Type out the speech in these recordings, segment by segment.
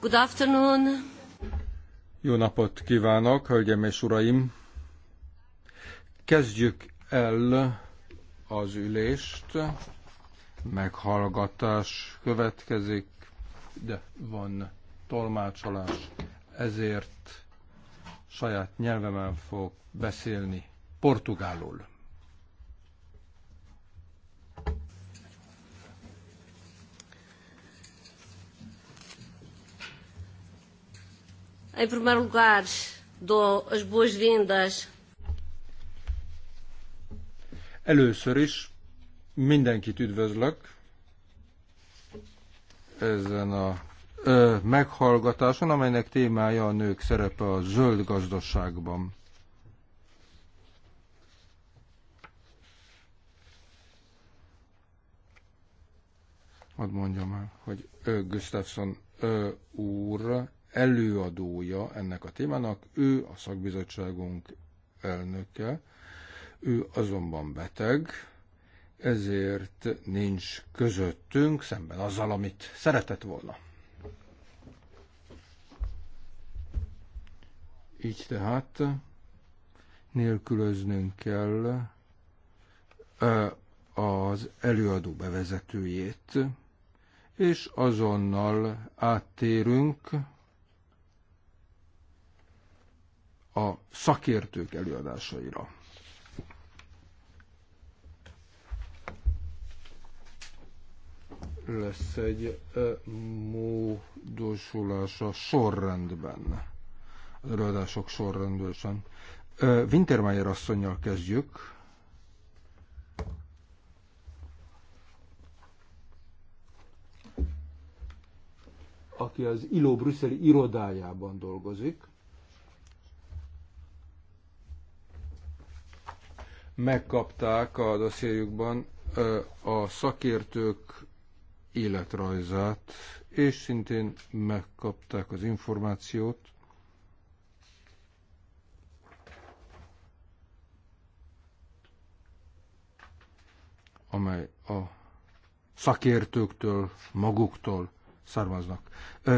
Good afternoon. Jó napot kívánok, hölgyeim és uraim! Kezdjük el az ülést. Meghallgatás következik, de van tolmácsolás, ezért saját nyelvemen fog beszélni portugálul. Em primeiro lugar, dou as boas-vindas. Először is mindenkit üdvözlök ezen a ö, meghallgatáson, amelynek témája a nők szerepe a zöld gazdaságban. Hadd mondjam el, hogy Gustafsson úr előadója ennek a témának, ő a szakbizottságunk elnöke, ő azonban beteg, ezért nincs közöttünk szemben azzal, amit szeretett volna. Így tehát nélkülöznünk kell az előadó bevezetőjét, és azonnal áttérünk a szakértők előadásaira. Lesz egy módosulása sorrendben. Az előadások sorrendben. Wintermeyer asszonynal kezdjük. aki az ILO brüsszeli irodájában dolgozik. megkapták a dossziéjukban a szakértők életrajzát, és szintén megkapták az információt, amely a szakértőktől, maguktól származnak.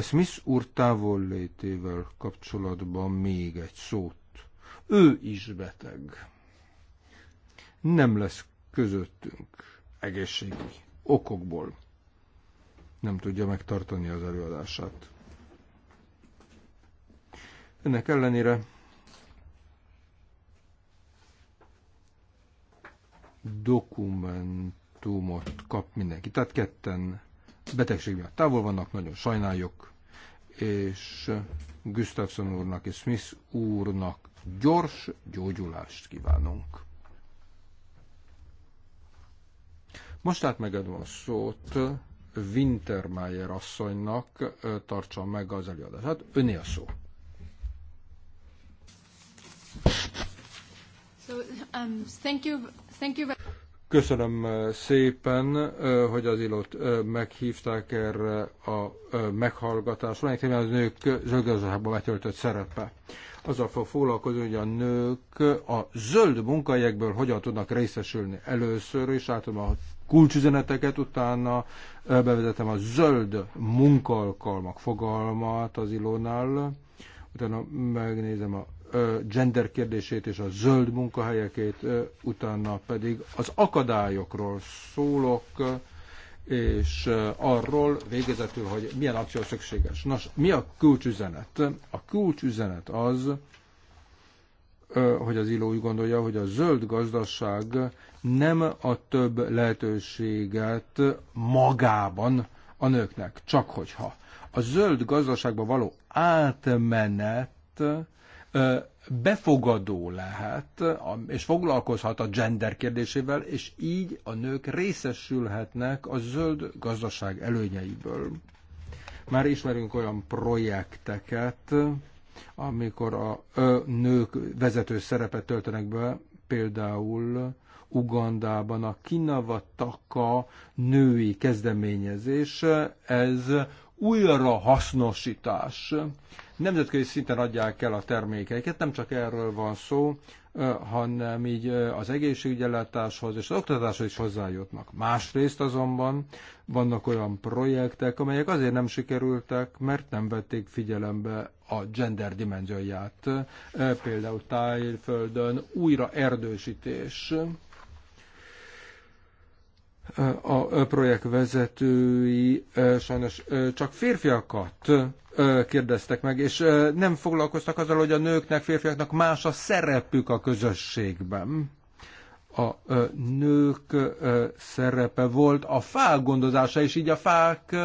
Smith úr távollétével kapcsolatban még egy szót. Ő is beteg nem lesz közöttünk egészségi okokból. Nem tudja megtartani az előadását. Ennek ellenére dokumentumot kap mindenki. Tehát ketten betegség miatt távol vannak, nagyon sajnáljuk, és Gustafsson úrnak és Smith úrnak gyors gyógyulást kívánunk. Most hát megadom a szót Wintermeyer asszonynak, tartsa meg az előadását. Öné a szó. Um, Köszönöm szépen, hogy az illót meghívták erre a meghallgatásra, Egyébként az nők zöldgazdaságban betöltött szerepe azzal fog foglalkozni, hogy a nők a zöld munkahelyekből hogyan tudnak részesülni. Először és átadom a kulcsüzeneteket, utána bevezetem a zöld munkalkalmak fogalmat az Ilónál, utána megnézem a gender kérdését és a zöld munkahelyekét, utána pedig az akadályokról szólok, és arról végezetül, hogy milyen akció szükséges. Nos, mi a kulcsüzenet? A kulcsüzenet az, hogy az ILO úgy gondolja, hogy a zöld gazdaság nem a több lehetőséget magában a nőknek, csak hogyha. A zöld gazdaságba való átmenet befogadó lehet, és foglalkozhat a gender kérdésével, és így a nők részesülhetnek a zöld gazdaság előnyeiből. Már ismerünk olyan projekteket, amikor a nők vezető szerepet töltenek be, például Ugandában a Kinavataka női kezdeményezés, ez újrahasznosítás. Nemzetközi szinten adják el a termékeiket, nem csak erről van szó, hanem így az egészségügyellátáshoz és az oktatáshoz is hozzájutnak. Másrészt azonban vannak olyan projektek, amelyek azért nem sikerültek, mert nem vették figyelembe a gender dimenzióját. Például Tájföldön újra erdősítés, a projekt vezetői sajnos csak férfiakat kérdeztek meg, és nem foglalkoztak azzal, hogy a nőknek, férfiaknak más a szerepük a közösségben. A nők szerepe volt a fák gondozása, és így a fák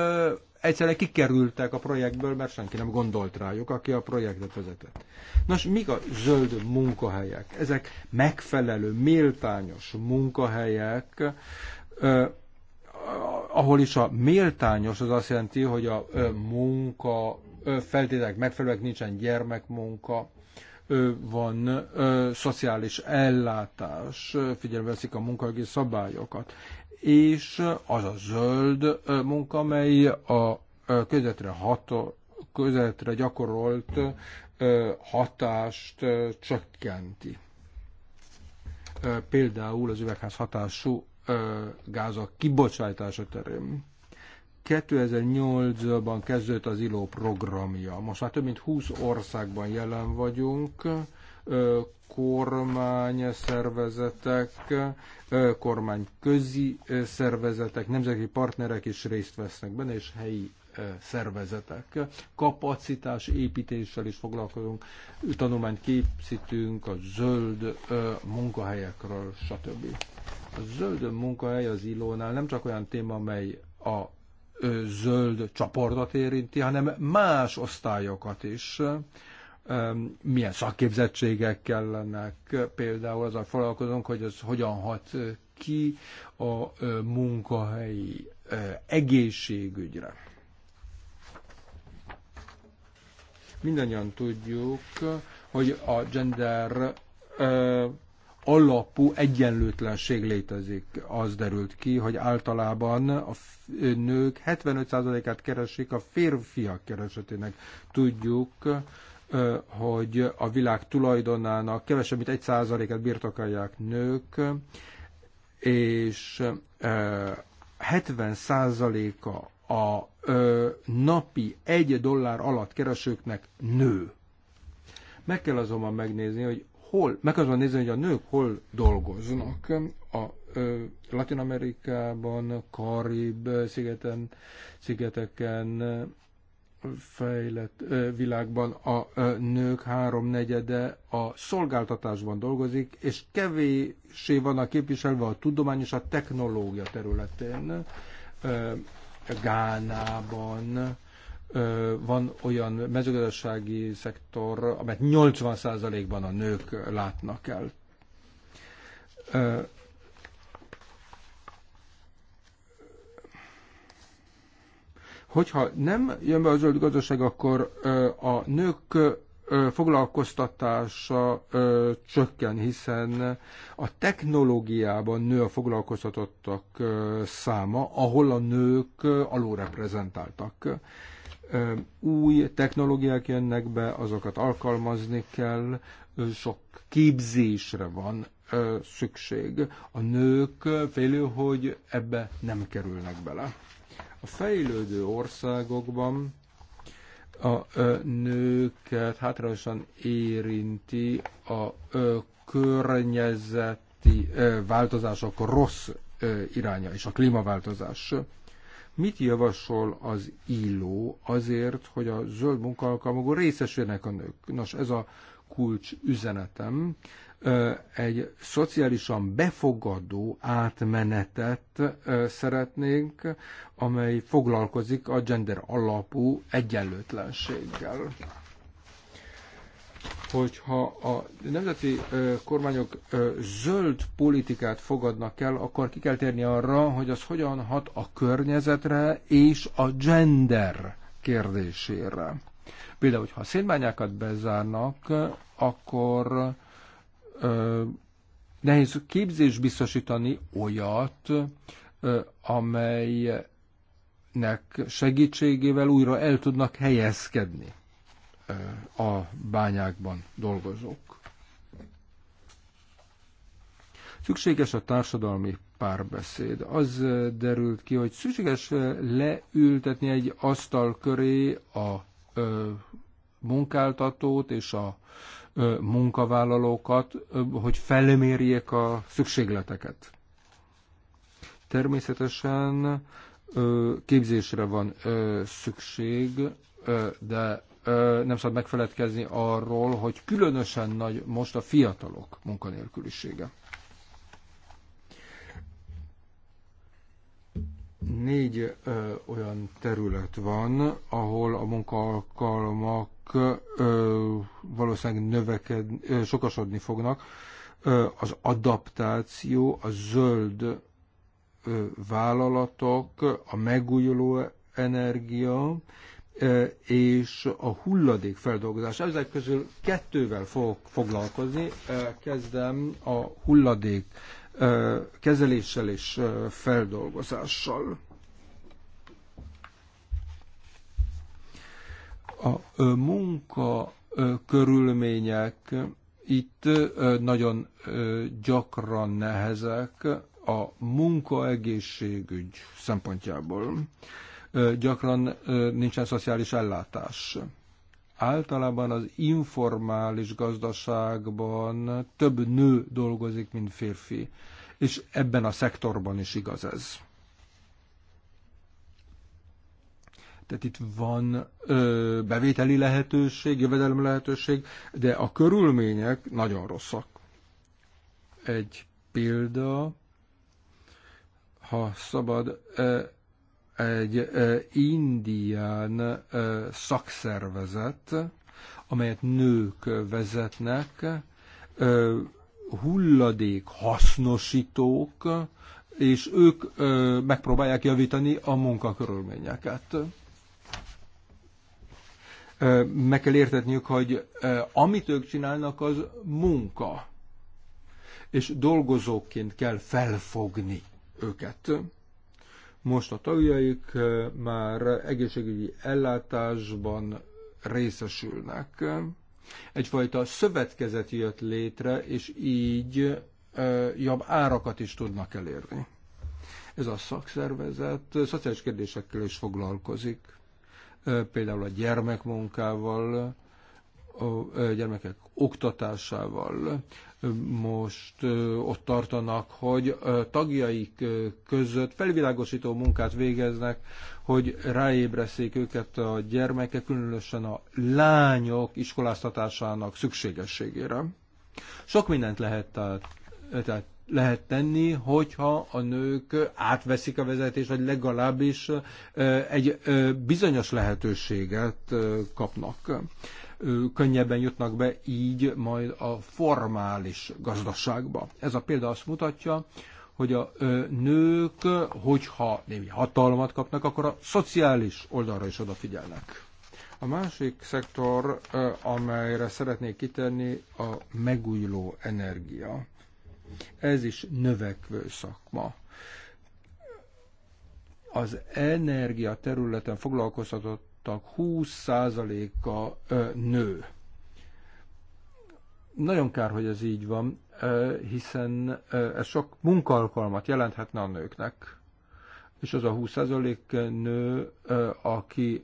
egyszerűen kikerültek a projektből, mert senki nem gondolt rájuk, aki a projektet vezetett. Nos, mik a zöld munkahelyek? Ezek megfelelő, méltányos munkahelyek, ahol is a méltányos az azt jelenti, hogy a munka feltételek megfelelőek, nincsen gyermekmunka, van szociális ellátás, figyelveszik a munkahogyi szabályokat, és az a zöld munka, amely a közvetre, hato, közvetre gyakorolt hatást csökkenti. Például az üvegház hatású gázok kibocsátása terén. 2008-ban kezdődött az ILO programja. Most már több mint 20 országban jelen vagyunk, kormány szervezetek, kormány közi szervezetek, nemzeti partnerek is részt vesznek benne, és helyi szervezetek. Kapacitás építéssel is foglalkozunk, tanulmányt készítünk a zöld munkahelyekről, stb. A zöld munkahely az ilónál nem csak olyan téma, amely a zöld csoportot érinti, hanem más osztályokat is. Milyen szakképzettségek kellenek, például azzal foglalkozunk, hogy az hogyan hat ki a munkahelyi egészségügyre. Mindannyian tudjuk, hogy a gender alapú egyenlőtlenség létezik. Az derült ki, hogy általában a nők 75%-át keresik a férfiak keresetének. Tudjuk, hogy a világ tulajdonának kevesebb, mint 1%-át birtokolják nők, és 70%-a a napi egy dollár alatt keresőknek nő. Meg kell azonban megnézni, hogy hol, meg azon nézni, hogy a nők hol dolgoznak. A Latin Amerikában, Karib szigeten, szigeteken, fejlett világban a nők háromnegyede a szolgáltatásban dolgozik, és van a képviselve a tudomány és a technológia területén. Gánában van olyan mezőgazdasági szektor, amelyet 80%-ban a nők látnak el. Hogyha nem jön be a zöld gazdaság, akkor a nők foglalkoztatása csökken, hiszen a technológiában nő a foglalkoztatottak száma, ahol a nők alulreprezentáltak új technológiák jönnek be, azokat alkalmazni kell, sok képzésre van szükség. A nők félő, hogy ebbe nem kerülnek bele. A fejlődő országokban a nőket hátrányosan érinti a környezeti változások rossz iránya és a klímaváltozás. Mit javasol az illó azért, hogy a zöld munkaalkalmakból részesüljenek a nők? Nos, ez a kulcs üzenetem. Egy szociálisan befogadó átmenetet szeretnénk, amely foglalkozik a gender alapú egyenlőtlenséggel hogyha a nemzeti kormányok zöld politikát fogadnak el, akkor ki kell térni arra, hogy az hogyan hat a környezetre és a gender kérdésére. Például, hogyha a szénbányákat bezárnak, akkor ö, nehéz képzés biztosítani olyat, ö, amelynek segítségével újra el tudnak helyezkedni a bányákban dolgozók. Szükséges a társadalmi párbeszéd. Az derült ki, hogy szükséges leültetni egy asztal köré a munkáltatót és a munkavállalókat, hogy felmérjék a szükségleteket. Természetesen képzésre van szükség, de nem szabad megfeledkezni arról, hogy különösen nagy most a fiatalok munkanélkülisége. Négy ö, olyan terület van, ahol a munkaalkalmak ö, valószínűleg növeked, ö, sokasodni fognak. Ö, az adaptáció, a zöld ö, vállalatok, a megújuló energia és a hulladék feldolgozás. Ezek közül kettővel fogok foglalkozni. Kezdem a hulladék kezeléssel és feldolgozással. A munka körülmények itt nagyon gyakran nehezek a munkaegészségügy szempontjából gyakran nincsen szociális ellátás. Általában az informális gazdaságban több nő dolgozik, mint férfi, és ebben a szektorban is igaz ez. Tehát itt van ö, bevételi lehetőség, jövedelmi lehetőség, de a körülmények nagyon rosszak. Egy példa, ha szabad, egy indián szakszervezet, amelyet nők vezetnek, hulladék hasznosítók, és ők megpróbálják javítani a munkakörülményeket meg kell értetniük, hogy amit ők csinálnak, az munka. És dolgozóként kell felfogni őket. Most a tagjaik már egészségügyi ellátásban részesülnek. Egyfajta szövetkezet jött létre, és így jobb árakat is tudnak elérni. Ez a szakszervezet szociális kérdésekkel is foglalkozik, például a gyermekmunkával, a gyermekek oktatásával. Most ott tartanak, hogy tagjaik között felvilágosító munkát végeznek, hogy ráébreszék őket a gyermekek, különösen a lányok iskoláztatásának szükségességére. Sok mindent lehet, tehát, tehát lehet tenni, hogyha a nők átveszik a vezetést, vagy legalábbis egy bizonyos lehetőséget kapnak könnyebben jutnak be így majd a formális gazdaságba. Ez a példa azt mutatja, hogy a nők, hogyha némi hatalmat kapnak, akkor a szociális oldalra is odafigyelnek. A másik szektor, amelyre szeretnék kitenni, a megújuló energia. Ez is növekvő szakma. Az energia területen foglalkoztatott halottak 20%-a nő. Nagyon kár, hogy ez így van, hiszen ez sok munkaalkalmat jelenthetne a nőknek. És az a 20% nő, aki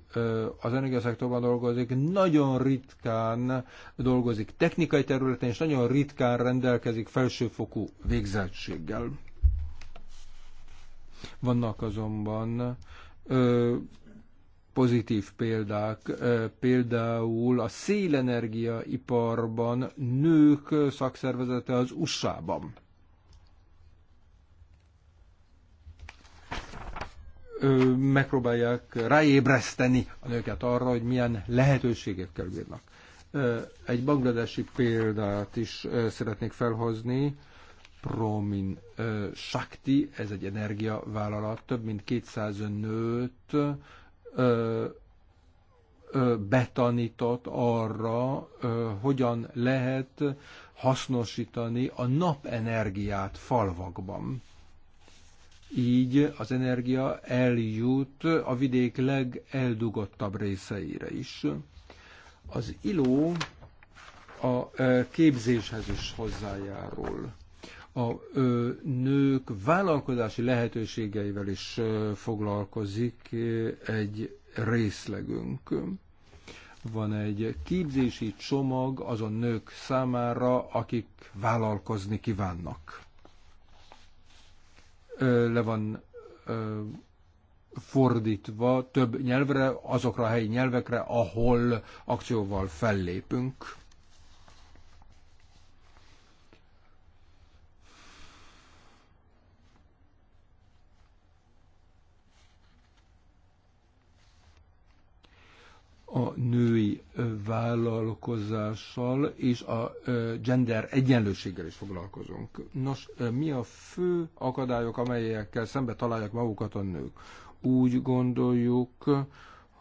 az energiaszektorban dolgozik, nagyon ritkán dolgozik technikai területen, és nagyon ritkán rendelkezik felsőfokú végzettséggel. Vannak azonban pozitív példák, például a szélenergia iparban nők szakszervezete az USA-ban. megpróbálják ráébreszteni a nőket arra, hogy milyen lehetőségekkel bírnak. Egy bangladesi példát is szeretnék felhozni. Promin Shakti, ez egy energiavállalat, több mint 200 nőt ö, ö, betanított arra, ö, hogyan lehet hasznosítani a napenergiát falvakban. Így az energia eljut a vidék legeldugottabb részeire is. Az iló a képzéshez is hozzájárul a nők vállalkozási lehetőségeivel is foglalkozik egy részlegünk. Van egy képzési csomag azon nők számára, akik vállalkozni kívánnak. Le van fordítva több nyelvre, azokra a helyi nyelvekre, ahol akcióval fellépünk a női vállalkozással és a gender egyenlőséggel is foglalkozunk. Nos, mi a fő akadályok, amelyekkel szembe találják magukat a nők? Úgy gondoljuk,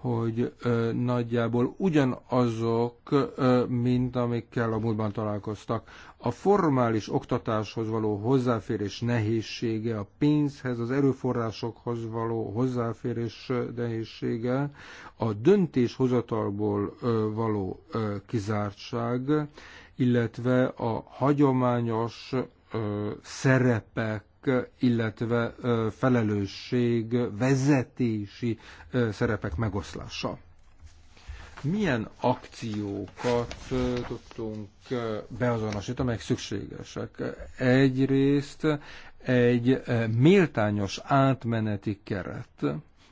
hogy ö, nagyjából ugyanazok, ö, mint amikkel a múltban találkoztak. A formális oktatáshoz való hozzáférés nehézsége, a pénzhez, az erőforrásokhoz való hozzáférés nehézsége, a döntéshozatalból ö, való ö, kizártság, illetve a hagyományos ö, szerepek illetve felelősség, vezetési szerepek megoszlása. Milyen akciókat tudtunk beazonosítani, amelyek szükségesek? Egyrészt egy méltányos átmeneti keret,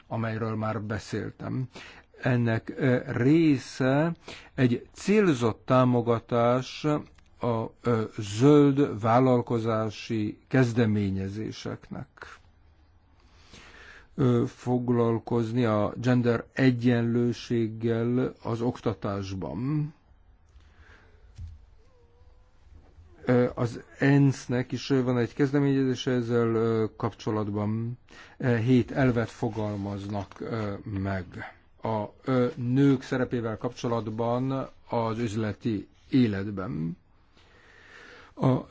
amelyről már beszéltem. Ennek része egy célzott támogatás a zöld vállalkozási kezdeményezéseknek foglalkozni a gender egyenlőséggel az oktatásban. Az ENSZ-nek is van egy kezdeményezés ezzel kapcsolatban. Hét elvet fogalmaznak meg. A nők szerepével kapcsolatban az üzleti életben a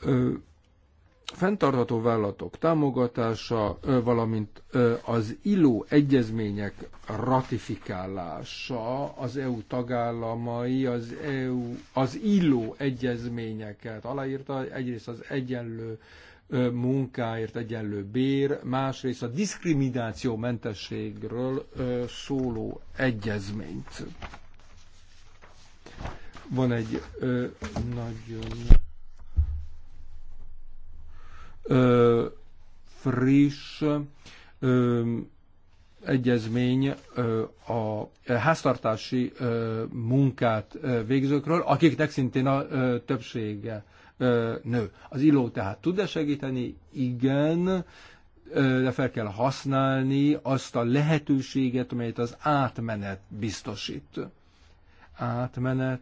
fenntartható vállalatok támogatása, valamint az illó egyezmények ratifikálása, az EU tagállamai, az, EU, az illó egyezményeket aláírta, egyrészt az egyenlő munkáért egyenlő bér, másrészt a diszkrimináció mentességről szóló egyezményt. Van egy nagyon ö, friss ö, egyezmény ö, a háztartási ö, munkát ö, végzőkről, akiknek szintén a ö, többsége ö, nő. Az illó tehát tud-e segíteni? Igen de fel kell használni azt a lehetőséget, amelyet az átmenet biztosít átmenet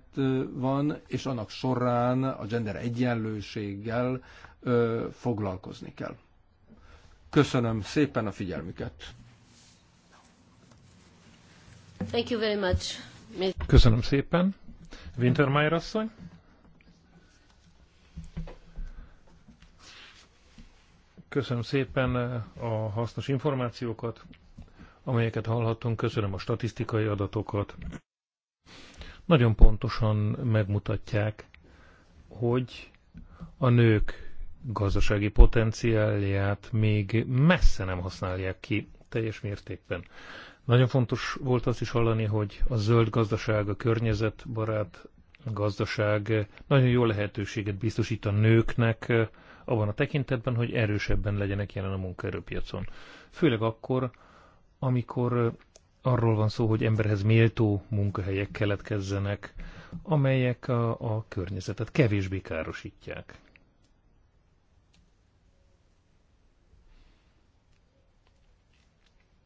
van, és annak során a gender egyenlőséggel foglalkozni kell. Köszönöm szépen a figyelmüket. Thank you very much. Köszönöm szépen. Wintermeyer asszony. Köszönöm szépen a hasznos információkat, amelyeket hallhattunk. Köszönöm a statisztikai adatokat nagyon pontosan megmutatják, hogy a nők gazdasági potenciálját még messze nem használják ki teljes mértékben. Nagyon fontos volt azt is hallani, hogy a zöld gazdaság, a környezetbarát gazdaság nagyon jó lehetőséget biztosít a nőknek eh, abban a tekintetben, hogy erősebben legyenek jelen a munkaerőpiacon. Főleg akkor, amikor eh, arról van szó, hogy emberhez méltó munkahelyek keletkezzenek, amelyek a, a környezetet kevésbé károsítják.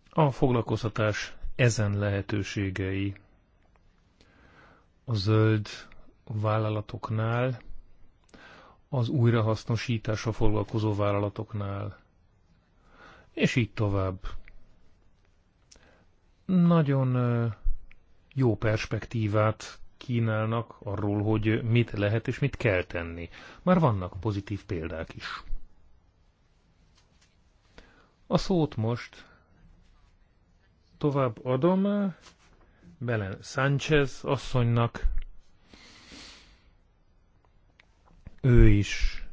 A foglalkoztatás ezen lehetőségei a zöld vállalatoknál, az a foglalkozó vállalatoknál, és így tovább nagyon jó perspektívát kínálnak arról, hogy mit lehet és mit kell tenni. Már vannak pozitív példák is. A szót most tovább adom Belen Sánchez asszonynak. Ő is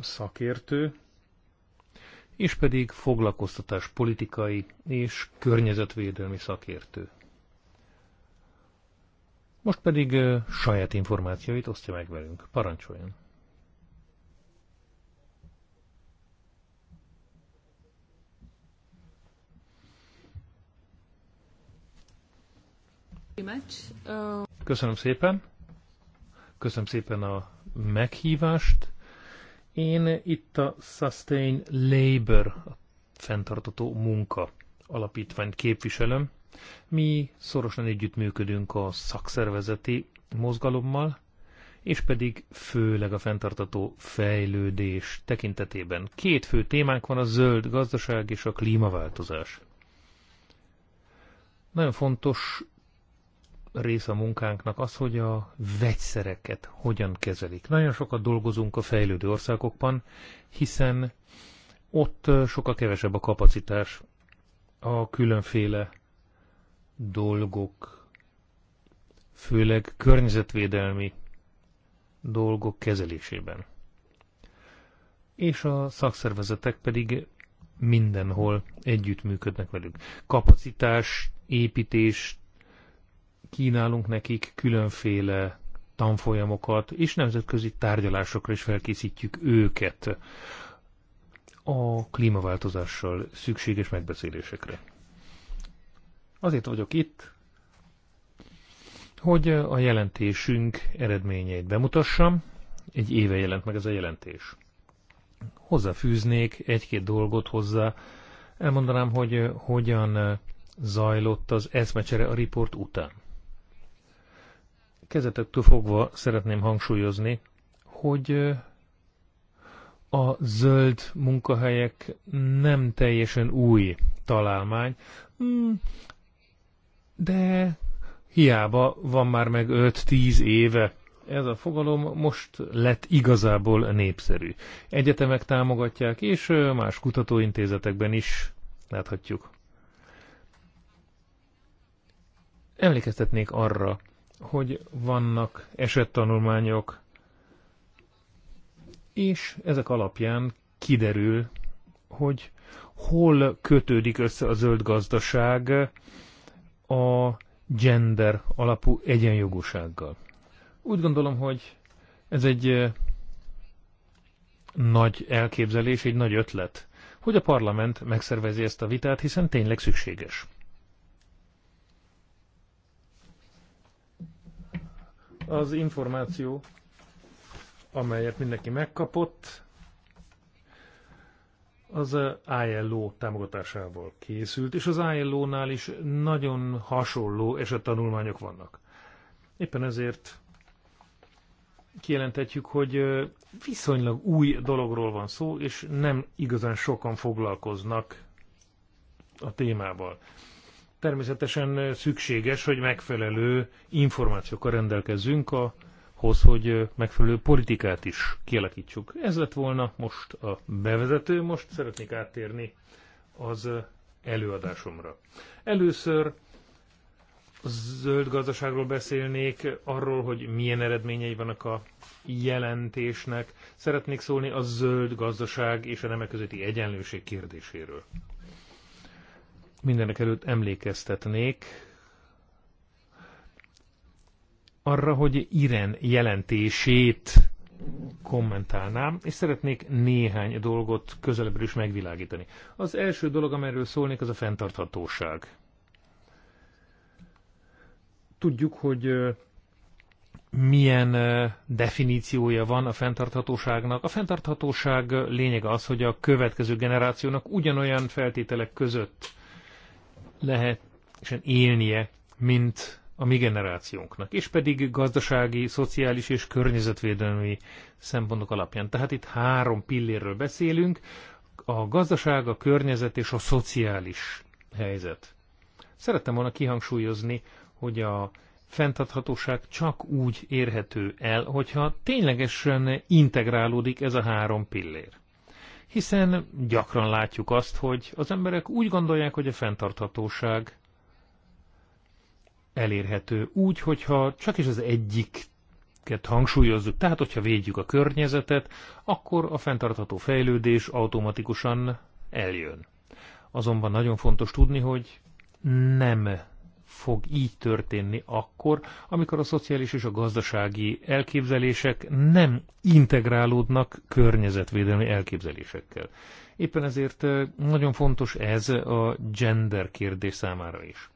szakértő, és pedig foglalkoztatás politikai és környezetvédelmi szakértő. Most pedig saját információit osztja meg velünk. Parancsoljon! Köszönöm szépen. Köszönöm szépen a meghívást. Én itt a Sustain Labor, a fenntartató munka alapítványt képviselem. Mi szorosan együttműködünk a szakszervezeti mozgalommal, és pedig főleg a fenntartató fejlődés tekintetében. Két fő témánk van, a zöld gazdaság és a klímaváltozás. Nagyon fontos rész a munkánknak az, hogy a vegyszereket hogyan kezelik. Nagyon sokat dolgozunk a fejlődő országokban, hiszen ott sokkal kevesebb a kapacitás a különféle dolgok, főleg környezetvédelmi dolgok kezelésében. És a szakszervezetek pedig mindenhol együttműködnek velük. Kapacitás, építés, kínálunk nekik különféle tanfolyamokat, és nemzetközi tárgyalásokra is felkészítjük őket a klímaváltozással szükséges megbeszélésekre. Azért vagyok itt, hogy a jelentésünk eredményeit bemutassam. Egy éve jelent meg ez a jelentés. Hozzáfűznék egy-két dolgot hozzá. Elmondanám, hogy hogyan zajlott az eszmecsere a riport után. Kezetektől fogva szeretném hangsúlyozni, hogy a zöld munkahelyek nem teljesen új találmány, hmm, de hiába van már meg 5-10 éve ez a fogalom most lett igazából népszerű. Egyetemek támogatják, és más kutatóintézetekben is láthatjuk. Emlékeztetnék arra, hogy vannak esettanulmányok, és ezek alapján kiderül, hogy hol kötődik össze a zöld gazdaság a gender alapú egyenjogúsággal. Úgy gondolom, hogy ez egy eh, nagy elképzelés, egy nagy ötlet, hogy a parlament megszervezi ezt a vitát, hiszen tényleg szükséges. Az információ, amelyet mindenki megkapott, az ILO támogatásával készült, és az ILO-nál is nagyon hasonló esettanulmányok vannak. Éppen ezért kijelenthetjük, hogy viszonylag új dologról van szó, és nem igazán sokan foglalkoznak a témával. Természetesen szükséges, hogy megfelelő információkkal rendelkezzünk ahhoz, hogy megfelelő politikát is kialakítsuk. Ez lett volna most a bevezető, most szeretnék áttérni az előadásomra. Először a zöld gazdaságról beszélnék, arról, hogy milyen eredményei vannak a jelentésnek. Szeretnék szólni a zöld gazdaság és a nemek közötti egyenlőség kérdéséről mindenek előtt emlékeztetnék arra, hogy Iren jelentését kommentálnám, és szeretnék néhány dolgot közelebbről is megvilágítani. Az első dolog, amelyről szólnék, az a fenntarthatóság. Tudjuk, hogy milyen definíciója van a fenntarthatóságnak. A fenntarthatóság lényege az, hogy a következő generációnak ugyanolyan feltételek között lehet élnie, mint a mi generációnknak, és pedig gazdasági, szociális és környezetvédelmi szempontok alapján. Tehát itt három pillérről beszélünk, a gazdaság, a környezet és a szociális helyzet. Szerettem volna kihangsúlyozni, hogy a fenntarthatóság csak úgy érhető el, hogyha ténylegesen integrálódik ez a három pillér hiszen gyakran látjuk azt, hogy az emberek úgy gondolják, hogy a fenntarthatóság elérhető úgy, hogyha csak is az egyik hangsúlyozzuk. Tehát, hogyha védjük a környezetet, akkor a fenntartható fejlődés automatikusan eljön. Azonban nagyon fontos tudni, hogy nem fog így történni akkor, amikor a szociális és a gazdasági elképzelések nem integrálódnak környezetvédelmi elképzelésekkel. Éppen ezért nagyon fontos ez a gender kérdés számára is.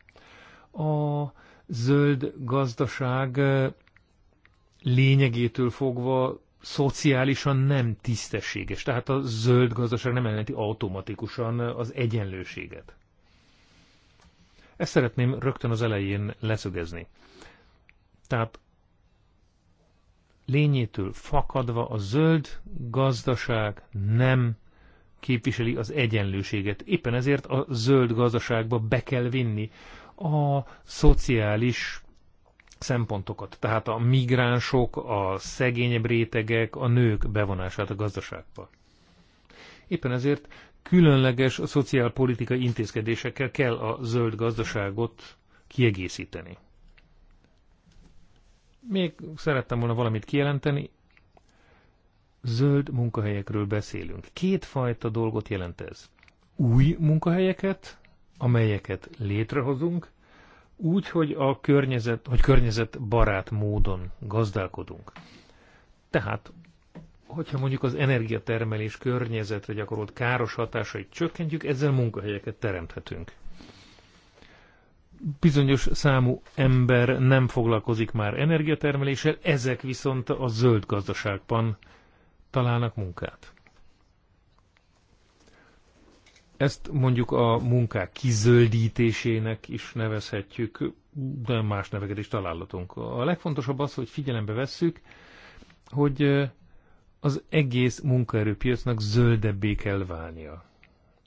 A zöld gazdaság lényegétől fogva szociálisan nem tisztességes. Tehát a zöld gazdaság nem jelenti automatikusan az egyenlőséget. Ezt szeretném rögtön az elején leszögezni. Tehát lényétől fakadva a zöld gazdaság nem képviseli az egyenlőséget. Éppen ezért a zöld gazdaságba be kell vinni a szociális szempontokat, tehát a migránsok, a szegényebb rétegek, a nők bevonását a gazdaságba. Éppen ezért különleges a szociálpolitikai intézkedésekkel kell a zöld gazdaságot kiegészíteni. Még szerettem volna valamit kijelenteni. Zöld munkahelyekről beszélünk. Kétfajta dolgot jelent ez. Új munkahelyeket, amelyeket létrehozunk, úgy, hogy a környezet, hogy környezetbarát módon gazdálkodunk. Tehát hogyha mondjuk az energiatermelés környezetre gyakorolt káros hatásait csökkentjük, ezzel munkahelyeket teremthetünk. Bizonyos számú ember nem foglalkozik már energiatermeléssel, ezek viszont a zöld gazdaságban találnak munkát. Ezt mondjuk a munkák kizöldítésének is nevezhetjük, de más neveket is találhatunk. A legfontosabb az, hogy figyelembe vesszük, hogy az egész munkaerőpiacnak zöldebbé kell válnia.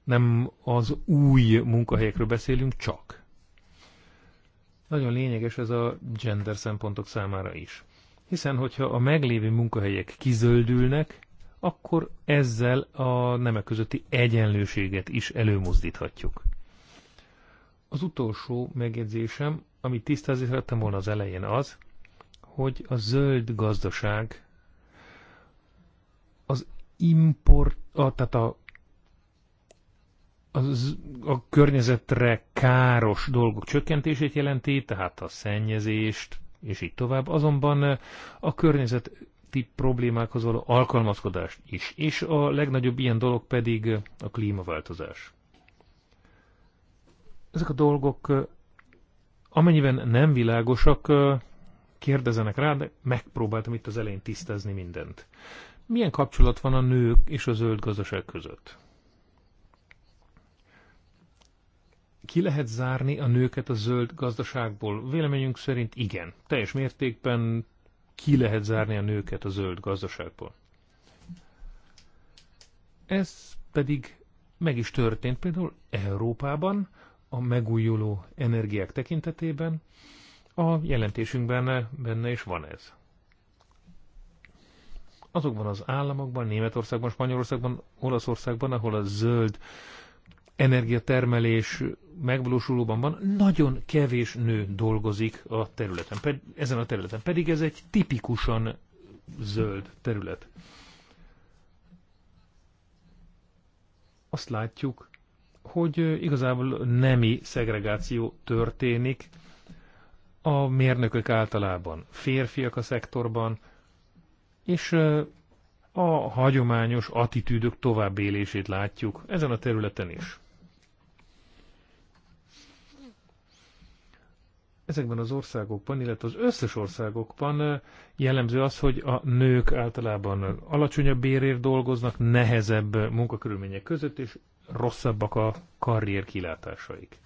Nem az új munkahelyekről beszélünk csak. Nagyon lényeges ez a gender szempontok számára is. Hiszen, hogyha a meglévő munkahelyek kizöldülnek, akkor ezzel a nemek közötti egyenlőséget is előmozdíthatjuk. Az utolsó megjegyzésem, amit tisztázni szerettem volna az elején az, hogy a zöld gazdaság import, a, tehát a, az, a környezetre káros dolgok csökkentését jelenti, tehát a szennyezést, és így tovább. Azonban a környezeti problémákhoz való alkalmazkodást is, és a legnagyobb ilyen dolog pedig a klímaváltozás. Ezek a dolgok amennyiben nem világosak, kérdezenek rá, de megpróbáltam itt az elején tisztázni mindent. Milyen kapcsolat van a nők és a zöld gazdaság között? Ki lehet zárni a nőket a zöld gazdaságból? Véleményünk szerint igen. Teljes mértékben ki lehet zárni a nőket a zöld gazdaságból. Ez pedig meg is történt például Európában, a megújuló energiák tekintetében. A jelentésünkben benne is van ez azokban az államokban, Németországban, Spanyolországban, Olaszországban, ahol a zöld energiatermelés megvalósulóban van, nagyon kevés nő dolgozik a területen. Ped, ezen a területen pedig ez egy tipikusan zöld terület. Azt látjuk, hogy igazából nemi szegregáció történik a mérnökök általában. Férfiak a szektorban, és a hagyományos attitűdök továbbélését látjuk ezen a területen is. Ezekben az országokban, illetve az összes országokban jellemző az, hogy a nők általában alacsonyabb bérért dolgoznak, nehezebb munkakörülmények között, és rosszabbak a karrier kilátásaik.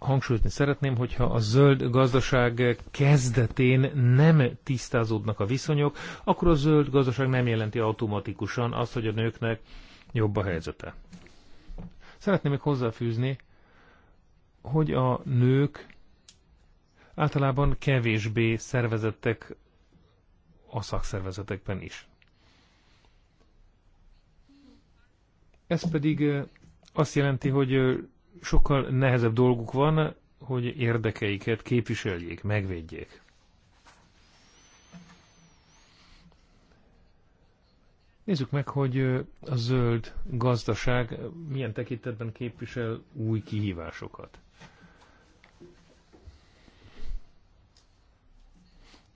hangsúlyozni szeretném, hogyha a zöld gazdaság kezdetén nem tisztázódnak a viszonyok, akkor a zöld gazdaság nem jelenti automatikusan azt, hogy a nőknek jobb a helyzete. Szeretném még hozzáfűzni, hogy a nők általában kevésbé szervezettek a szakszervezetekben is. Ez pedig eh, azt jelenti, hogy eh, sokkal nehezebb dolguk van, hogy érdekeiket képviseljék, megvédjék. Nézzük meg, hogy a zöld gazdaság milyen tekintetben képvisel új kihívásokat.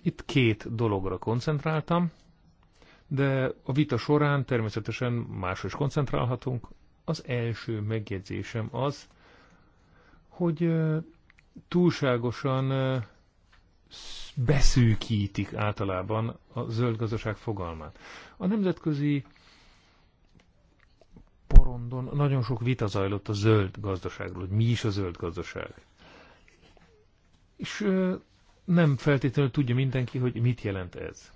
Itt két dologra koncentráltam, de a vita során természetesen másra is koncentrálhatunk, az első megjegyzésem az, hogy túlságosan beszűkítik általában a zöld gazdaság fogalmát. A nemzetközi porondon nagyon sok vita zajlott a zöld gazdaságról, hogy mi is a zöld gazdaság. És nem feltétlenül tudja mindenki, hogy mit jelent ez.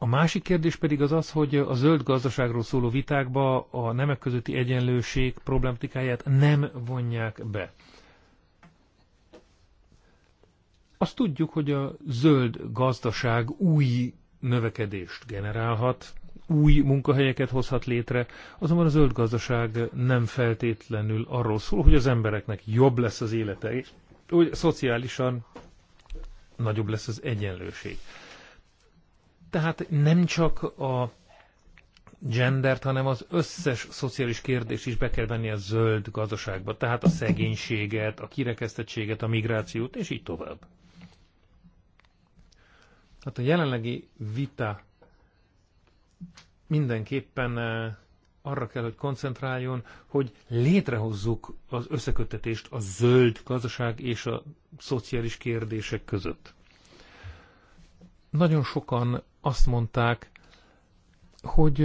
A másik kérdés pedig az az, hogy a zöld gazdaságról szóló vitákba a nemek közötti egyenlőség problematikáját nem vonják be. Azt tudjuk, hogy a zöld gazdaság új növekedést generálhat, új munkahelyeket hozhat létre, azonban a zöld gazdaság nem feltétlenül arról szól, hogy az embereknek jobb lesz az élete, és hogy szociálisan nagyobb lesz az egyenlőség. Tehát nem csak a gendert, hanem az összes szociális kérdést is be kell venni a zöld gazdaságba, tehát a szegénységet, a kirekesztettséget, a migrációt, és így tovább. Hát a jelenlegi vita mindenképpen eh, arra kell, hogy koncentráljon, hogy létrehozzuk az összekötetést a zöld gazdaság és a szociális kérdések között. Nagyon sokan azt mondták, hogy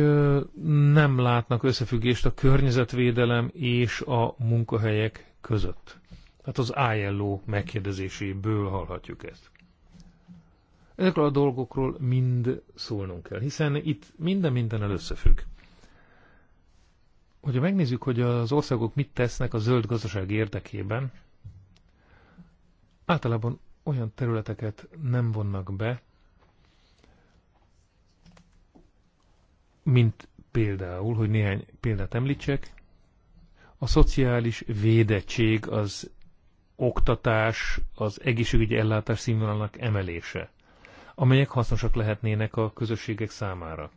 nem látnak összefüggést a környezetvédelem és a munkahelyek között. Tehát az ILO megkérdezéséből hallhatjuk ezt. Ezekről a dolgokról mind szólnunk kell, hiszen itt minden mindennel összefügg. Hogyha megnézzük, hogy az országok mit tesznek a zöld gazdaság érdekében, általában olyan területeket nem vonnak be, mint például, hogy néhány példát említsek, a szociális védettség, az oktatás, az egészségügyi ellátás színvonalnak emelése, amelyek hasznosak lehetnének a közösségek számára.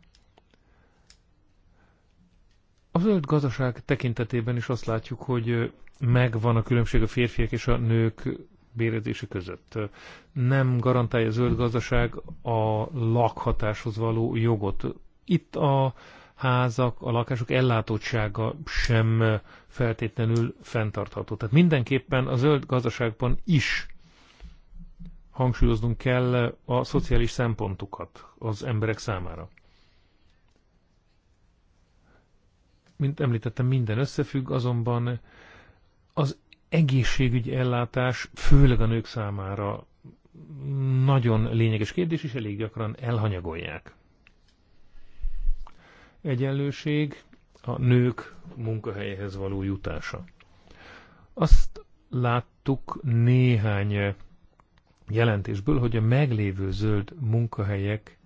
A zöld gazdaság tekintetében is azt látjuk, hogy megvan a különbség a férfiak és a nők bérezése között. Nem garantálja a zöld gazdaság a lakhatáshoz való jogot itt a házak, a lakások ellátottsága sem feltétlenül fenntartható. Tehát mindenképpen a zöld gazdaságban is hangsúlyoznunk kell a szociális szempontokat az emberek számára. Mint említettem, minden összefügg, azonban az egészségügyi ellátás főleg a nők számára nagyon lényeges kérdés, és elég gyakran elhanyagolják egyenlőség, a nők munkahelyhez való jutása. Azt láttuk néhány jelentésből, hogy a meglévő zöld munkahelyek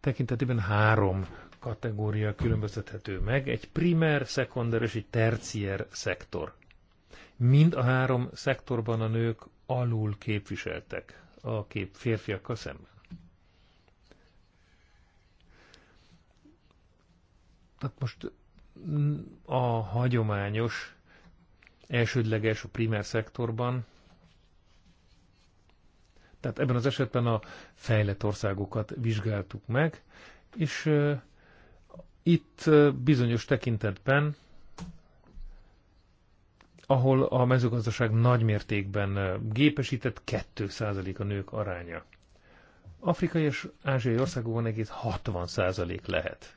tekintetében három kategória különböztethető meg, egy primer, szekonder és egy tercier szektor. Mind a három szektorban a nők alul képviseltek a kép férfiakkal szemben. Tehát most mm, a hagyományos, elsődleges, a primer szektorban, tehát ebben az esetben a fejlett országokat vizsgáltuk meg, és itt bizonyos tekintetben, ahol a mezőgazdaság nagymértékben gépesített, 2% a nők aránya. Afrikai és ázsiai országokban egész 60% lehet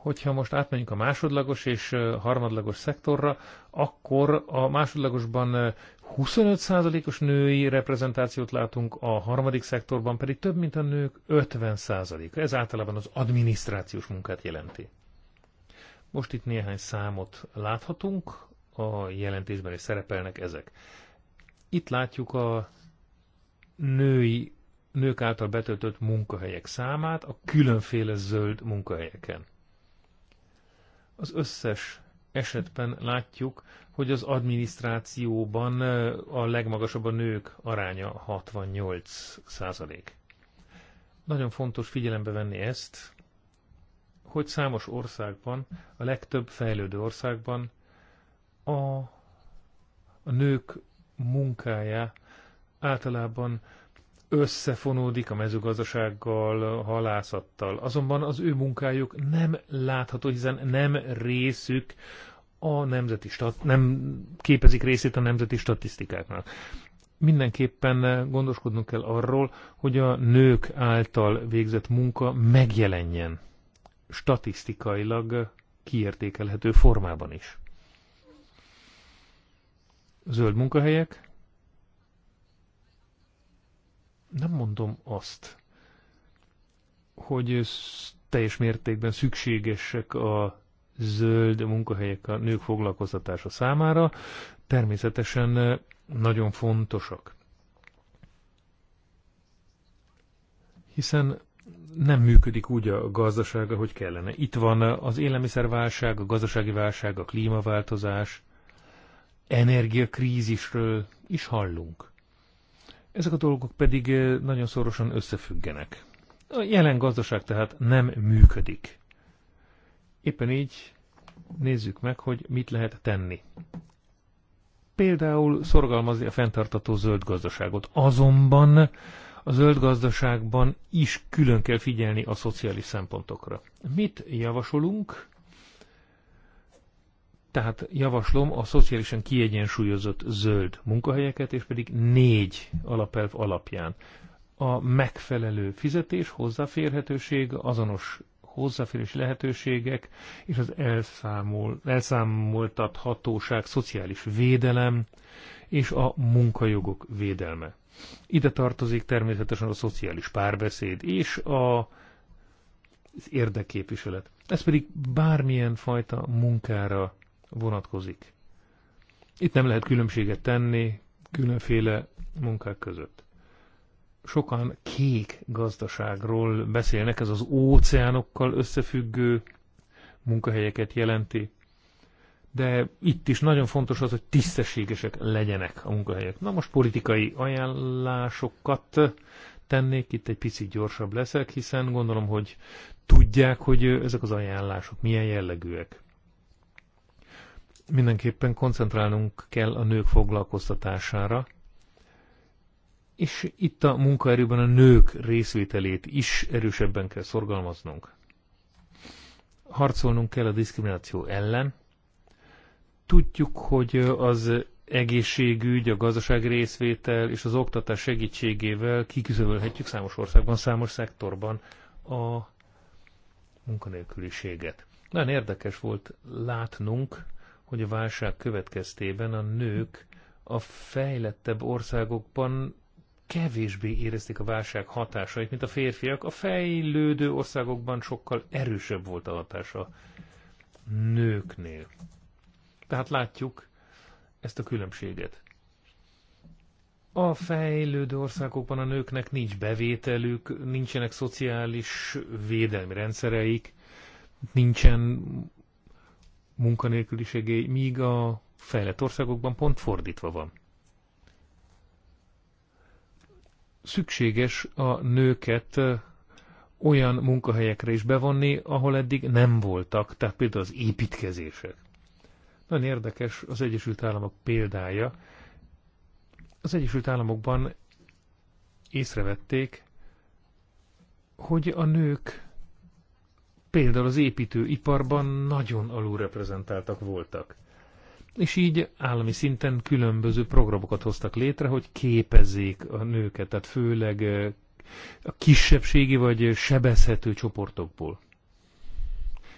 hogyha most átmegyünk a másodlagos és harmadlagos szektorra, akkor a másodlagosban 25%-os női reprezentációt látunk, a harmadik szektorban pedig több, mint a nők 50%-a. Ez általában az adminisztrációs munkát jelenti. Most itt néhány számot láthatunk, a jelentésben is szerepelnek ezek. Itt látjuk a női, nők által betöltött munkahelyek számát a különféle zöld munkahelyeken. Az összes esetben látjuk, hogy az adminisztrációban a legmagasabb a nők aránya 68 százalék. Nagyon fontos figyelembe venni ezt, hogy számos országban, a legtöbb fejlődő országban a, a nők munkája általában összefonódik a mezőgazdasággal, a halászattal. Azonban az ő munkájuk nem látható, hiszen nem részük a nemzeti stat- nem képezik részét a nemzeti statisztikáknak. Mindenképpen gondoskodnunk kell arról, hogy a nők által végzett munka megjelenjen statisztikailag kiértékelhető formában is. Zöld munkahelyek, nem mondom azt, hogy teljes mértékben szükségesek a zöld munkahelyek a nők foglalkoztatása számára, természetesen eh, nagyon fontosak. Hiszen nem működik úgy a gazdasága, hogy kellene. Itt van eh, az élelmiszerválság, a gazdasági válság, a klímaváltozás, energiakrízisről is hallunk. Ezek a dolgok pedig nagyon szorosan összefüggenek. A jelen gazdaság tehát nem működik. Éppen így nézzük meg, hogy mit lehet tenni. Például szorgalmazni a fenntartató zöld gazdaságot. Azonban a zöld gazdaságban is külön kell figyelni a szociális szempontokra. Mit javasolunk? Tehát javaslom a szociálisan kiegyensúlyozott zöld munkahelyeket, és pedig négy alapelv alapján. A megfelelő fizetés, hozzáférhetőség, azonos hozzáférési lehetőségek, és az elszámol, elszámoltathatóság, szociális védelem, és a munkajogok védelme. Ide tartozik természetesen a szociális párbeszéd és a, az érdekképviselet. Ez pedig bármilyen fajta munkára vonatkozik. Itt nem lehet különbséget tenni különféle munkák között. Sokan kék gazdaságról beszélnek, ez az óceánokkal összefüggő munkahelyeket jelenti, de itt is nagyon fontos az, hogy tisztességesek legyenek a munkahelyek. Na most politikai ajánlásokat tennék, itt egy picit gyorsabb leszek, hiszen gondolom, hogy tudják, hogy ezek az ajánlások milyen jellegűek mindenképpen koncentrálnunk kell a nők foglalkoztatására, és itt a munkaerőben a nők részvételét is erősebben kell szorgalmaznunk. Harcolnunk kell a diszkrimináció ellen. Tudjuk, hogy az egészségügy, a gazdaság részvétel és az oktatás segítségével kiküzövölhetjük számos országban, számos szektorban a munkanélküliséget. Nagyon érdekes volt látnunk, hogy a válság következtében a nők a fejlettebb országokban kevésbé érezték a válság hatásait, mint a férfiak. A fejlődő országokban sokkal erősebb volt a hatása nőknél. Tehát látjuk ezt a különbséget. A fejlődő országokban a nőknek nincs bevételük, nincsenek szociális védelmi rendszereik, nincsen munkanélküli segély, míg a fejlett országokban pont fordítva van. Szükséges a nőket olyan munkahelyekre is bevonni, ahol eddig nem voltak, tehát például az építkezések. Nagyon érdekes az Egyesült Államok példája. Az Egyesült Államokban észrevették, hogy a nők például az építőiparban nagyon alulreprezentáltak voltak. És így állami szinten különböző programokat hoztak létre, hogy képezzék a nőket, tehát főleg eh, a kisebbségi vagy sebezhető csoportokból.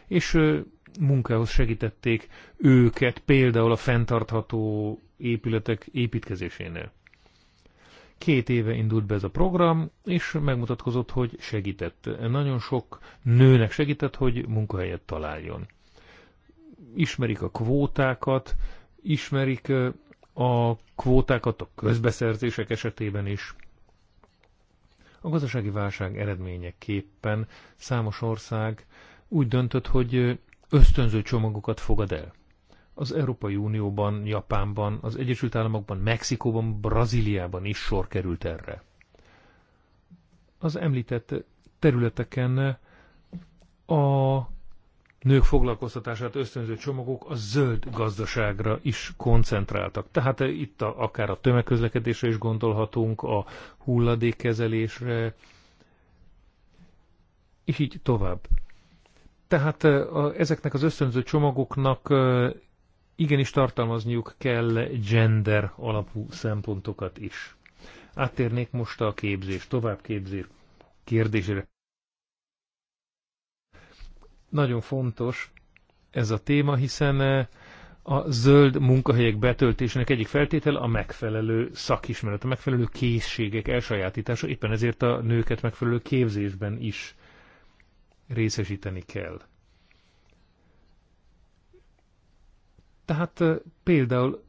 És eh, munkához segítették őket például a fenntartható épületek építkezésénél. Két éve indult be ez a program, és megmutatkozott, hogy segített. Nagyon sok nőnek segített, hogy munkahelyet találjon. Ismerik a kvótákat, ismerik a kvótákat a közbeszerzések esetében is. A gazdasági válság eredményeképpen számos ország úgy döntött, hogy ösztönző csomagokat fogad el. Az Európai Unióban, Japánban, az Egyesült Államokban, Mexikóban, Brazíliában is sor került erre. Az említett területeken a nők foglalkoztatását ösztönző csomagok a zöld gazdaságra is koncentráltak. Tehát itt a, akár a tömegközlekedésre is gondolhatunk, a hulladékkezelésre, és így tovább. Tehát a, ezeknek az ösztönző csomagoknak igenis tartalmazniuk kell gender alapú szempontokat is. Áttérnék most a képzés, továbbképzés kérdésére. Nagyon fontos ez a téma, hiszen eh, a zöld munkahelyek betöltésének egyik feltétele a megfelelő szakismeret, a megfelelő készségek elsajátítása, éppen ezért a nőket megfelelő képzésben is részesíteni kell. Tehát például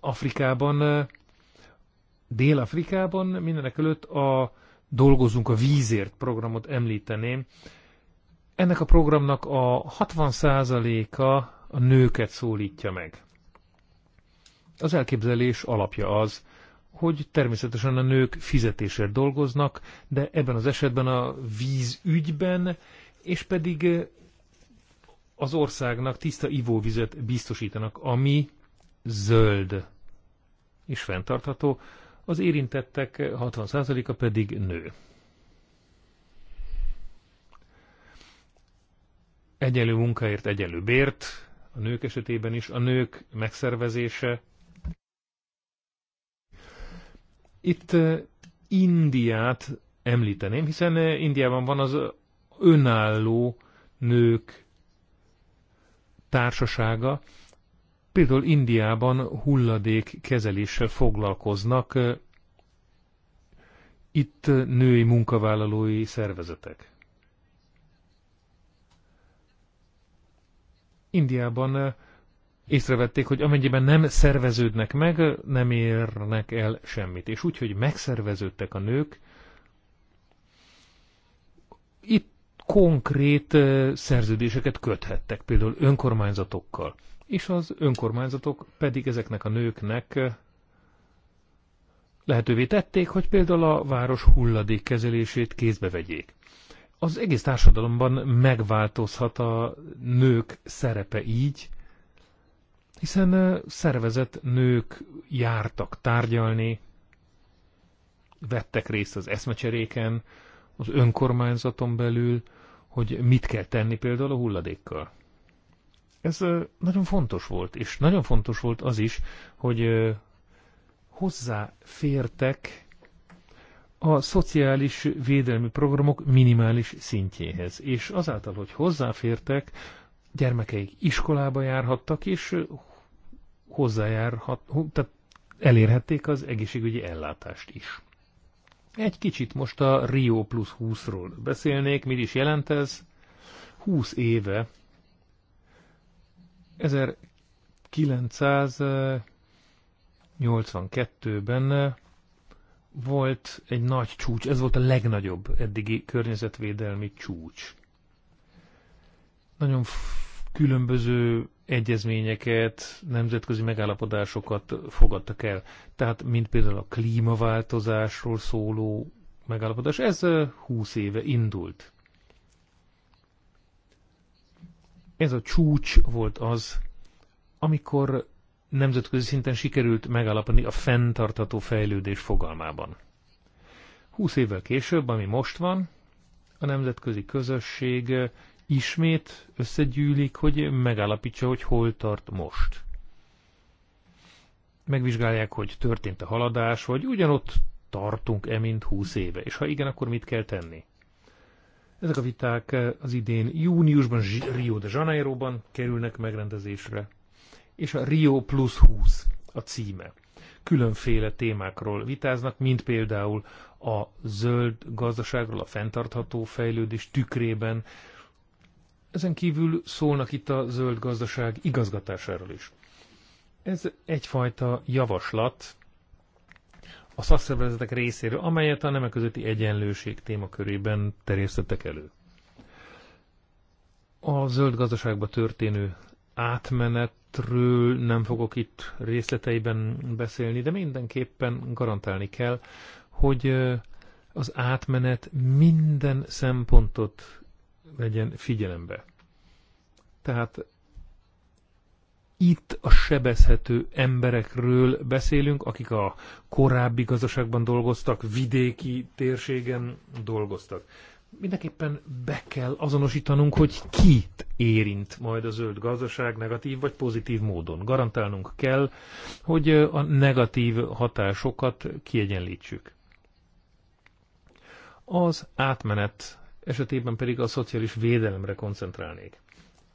Afrikában, Dél-Afrikában mindenek előtt a Dolgozunk a vízért programot említeném. Ennek a programnak a 60%-a a nőket szólítja meg. Az elképzelés alapja az, hogy természetesen a nők fizetésért dolgoznak, de ebben az esetben a vízügyben, és pedig az országnak tiszta ivóvizet biztosítanak, ami zöld és fenntartható, az érintettek 60%-a pedig nő. Egyenlő munkáért egyenlő bért, a nők esetében is, a nők megszervezése. Itt eh, Indiát említeném, hiszen eh, Indiában van az önálló nők társasága például Indiában hulladék kezeléssel foglalkoznak itt női munkavállalói szervezetek. Indiában észrevették, hogy amennyiben nem szerveződnek meg, nem érnek el semmit. És úgy, hogy megszerveződtek a nők, itt konkrét szerződéseket köthettek, például önkormányzatokkal. És az önkormányzatok pedig ezeknek a nőknek lehetővé tették, hogy például a város hulladék kezelését kézbe vegyék. Az egész társadalomban megváltozhat a nők szerepe így, hiszen szervezett nők jártak tárgyalni, vettek részt az eszmecseréken, az önkormányzaton belül, hogy mit kell tenni például a hulladékkal. Ez nagyon fontos volt, és nagyon fontos volt az is, hogy hozzáfértek a szociális védelmi programok minimális szintjéhez, és azáltal, hogy hozzáfértek, gyermekeik iskolába járhattak, és hozzájárhat, tehát elérhették az egészségügyi ellátást is. Egy kicsit most a Rio plusz 20-ról beszélnék, mit is jelent ez. 20 éve, 1982-ben volt egy nagy csúcs, ez volt a legnagyobb eddigi környezetvédelmi csúcs. Nagyon különböző egyezményeket, nemzetközi megállapodásokat fogadtak el. Tehát, mint például a klímaváltozásról szóló megállapodás, ez 20 éve indult. Ez a csúcs volt az, amikor nemzetközi szinten sikerült megállapodni a fenntartató fejlődés fogalmában. 20 évvel később, ami most van, a nemzetközi közösség ismét összegyűlik, hogy megállapítsa, hogy hol tart most. Megvizsgálják, hogy történt a haladás, vagy ugyanott tartunk-e, mint húsz éve, és ha igen, akkor mit kell tenni? Ezek a viták az idén júniusban Rio de Janeiroban kerülnek megrendezésre, és a Rio Plus 20 a címe. Különféle témákról vitáznak, mint például a zöld gazdaságról, a fenntartható fejlődés tükrében, ezen kívül szólnak itt a zöld gazdaság igazgatásáról is. Ez egyfajta javaslat a szakszervezetek részéről, amelyet a nemek közötti egyenlőség témakörében terjesztettek elő. A zöld gazdaságba történő átmenetről nem fogok itt részleteiben beszélni, de mindenképpen garantálni kell, hogy az átmenet minden szempontot vegyen figyelembe. Tehát itt a sebezhető emberekről beszélünk, akik a korábbi gazdaságban dolgoztak, vidéki térségen dolgoztak. Mindenképpen be kell azonosítanunk, hogy kit érint majd a zöld gazdaság negatív vagy pozitív módon. Garantálnunk kell, hogy a negatív hatásokat kiegyenlítsük. Az átmenet esetében pedig a szociális védelemre koncentrálnék.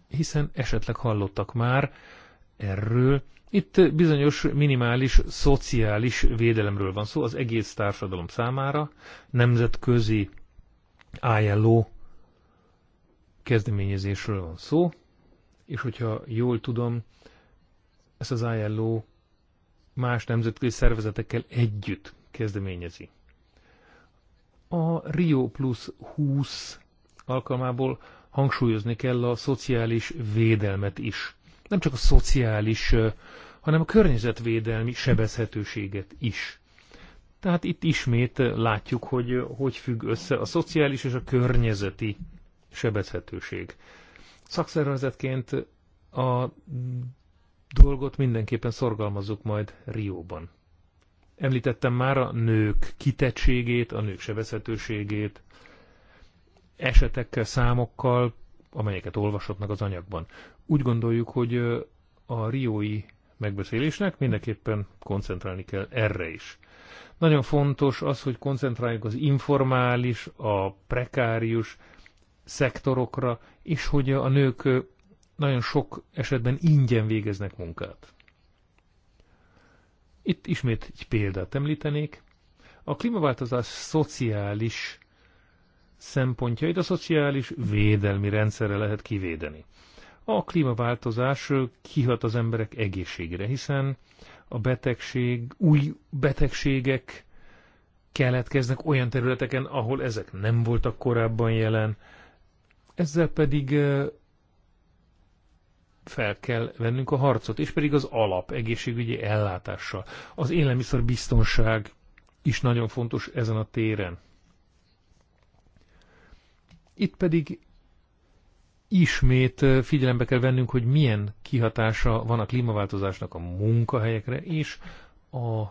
Hiszen esetleg hallottak már erről. Itt bizonyos minimális szociális védelemről van szó az egész társadalom számára, nemzetközi ILO kezdeményezésről van szó, és hogyha jól tudom, ezt az ILO más nemzetközi szervezetekkel együtt kezdeményezi. A Rio Plus 20 alkalmából hangsúlyozni kell a szociális védelmet is. Nem csak a szociális, hanem a környezetvédelmi sebezhetőséget is. Tehát itt ismét látjuk, hogy hogy függ össze a szociális és a környezeti sebezhetőség. Szakszervezetként a dolgot mindenképpen szorgalmazzuk majd Rióban. Említettem már a nők kitettségét, a nők sebezhetőségét, esetekkel, számokkal, amelyeket olvashatnak az anyagban. Úgy gondoljuk, hogy a riói megbeszélésnek mindenképpen koncentrálni kell erre is. Nagyon fontos az, hogy koncentráljuk az informális, a prekárius szektorokra, és hogy a nők nagyon sok esetben ingyen végeznek munkát. Itt ismét egy példát említenék. A klímaváltozás szociális szempontjait a szociális védelmi rendszerre lehet kivédeni. A klímaváltozás kihat az emberek egészségére, hiszen a betegség, új betegségek keletkeznek olyan területeken, ahol ezek nem voltak korábban jelen, ezzel pedig fel kell vennünk a harcot, és pedig az alap egészségügyi ellátással. Az élelmiszerbiztonság is nagyon fontos ezen a téren. Itt pedig ismét figyelembe kell vennünk, hogy milyen kihatása van a klímaváltozásnak a munkahelyekre és a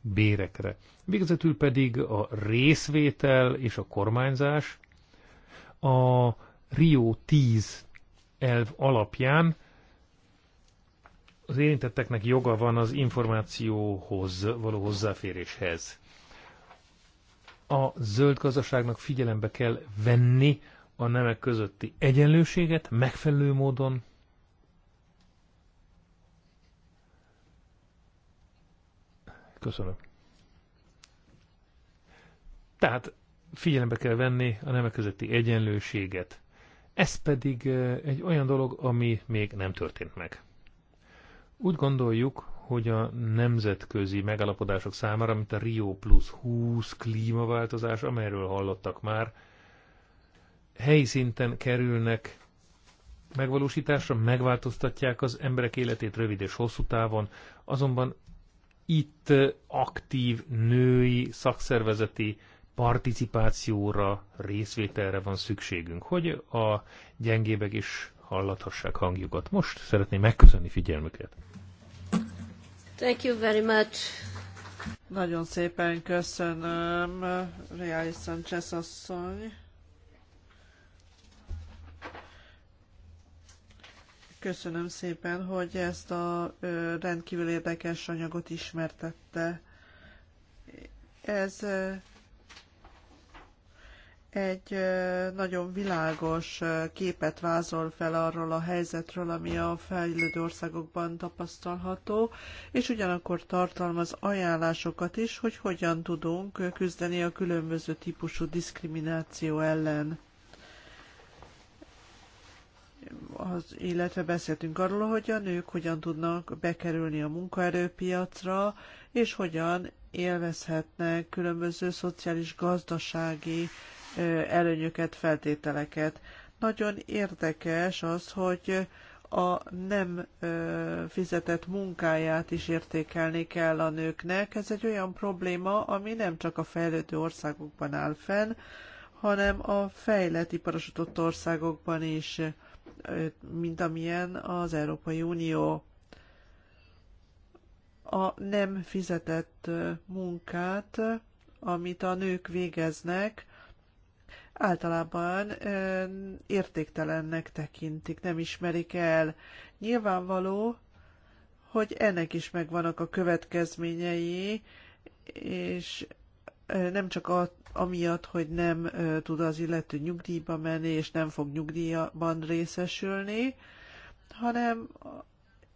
bérekre. Végezetül pedig a részvétel és a kormányzás a Rio 10 elv alapján az érintetteknek joga van az információhoz való hozzáféréshez. A zöld gazdaságnak figyelembe kell venni a nemek közötti egyenlőséget megfelelő módon, Köszönöm. Tehát figyelembe kell venni a nemek közötti egyenlőséget. Ez pedig eh, egy olyan dolog, ami még nem történt meg. Úgy gondoljuk, hogy a nemzetközi megalapodások számára, mint a Rio Plus 20 klímaváltozás, amelyről hallottak már, helyi szinten kerülnek megvalósításra, megváltoztatják az emberek életét rövid és hosszú távon, azonban itt aktív női szakszervezeti participációra, részvételre van szükségünk, hogy a gyengébek is hallathassák hangjukat. Most szeretném megköszönni figyelmüket. Thank you very much. Nagyon szépen köszönöm, Reális Sanchez asszony. Köszönöm szépen, hogy ezt a rendkívül érdekes anyagot ismertette. Ez egy nagyon világos képet vázol fel arról a helyzetről, ami a fejlődő országokban tapasztalható, és ugyanakkor tartalmaz ajánlásokat is, hogy hogyan tudunk küzdeni a különböző típusú diszkrimináció ellen. Az, illetve beszéltünk arról, hogy a nők hogyan tudnak bekerülni a munkaerőpiacra, és hogyan élvezhetnek különböző szociális gazdasági előnyöket, feltételeket. Nagyon érdekes az, hogy a nem fizetett munkáját is értékelni kell a nőknek. Ez egy olyan probléma, ami nem csak a fejlődő országokban áll fenn, hanem a fejlett iparosodott országokban is, mint amilyen az Európai Unió. A nem fizetett munkát, amit a nők végeznek, általában értéktelennek tekintik, nem ismerik el. Nyilvánvaló, hogy ennek is megvannak a következményei, és nem csak a, amiatt, hogy nem tud az illető nyugdíjba menni, és nem fog nyugdíjban részesülni, hanem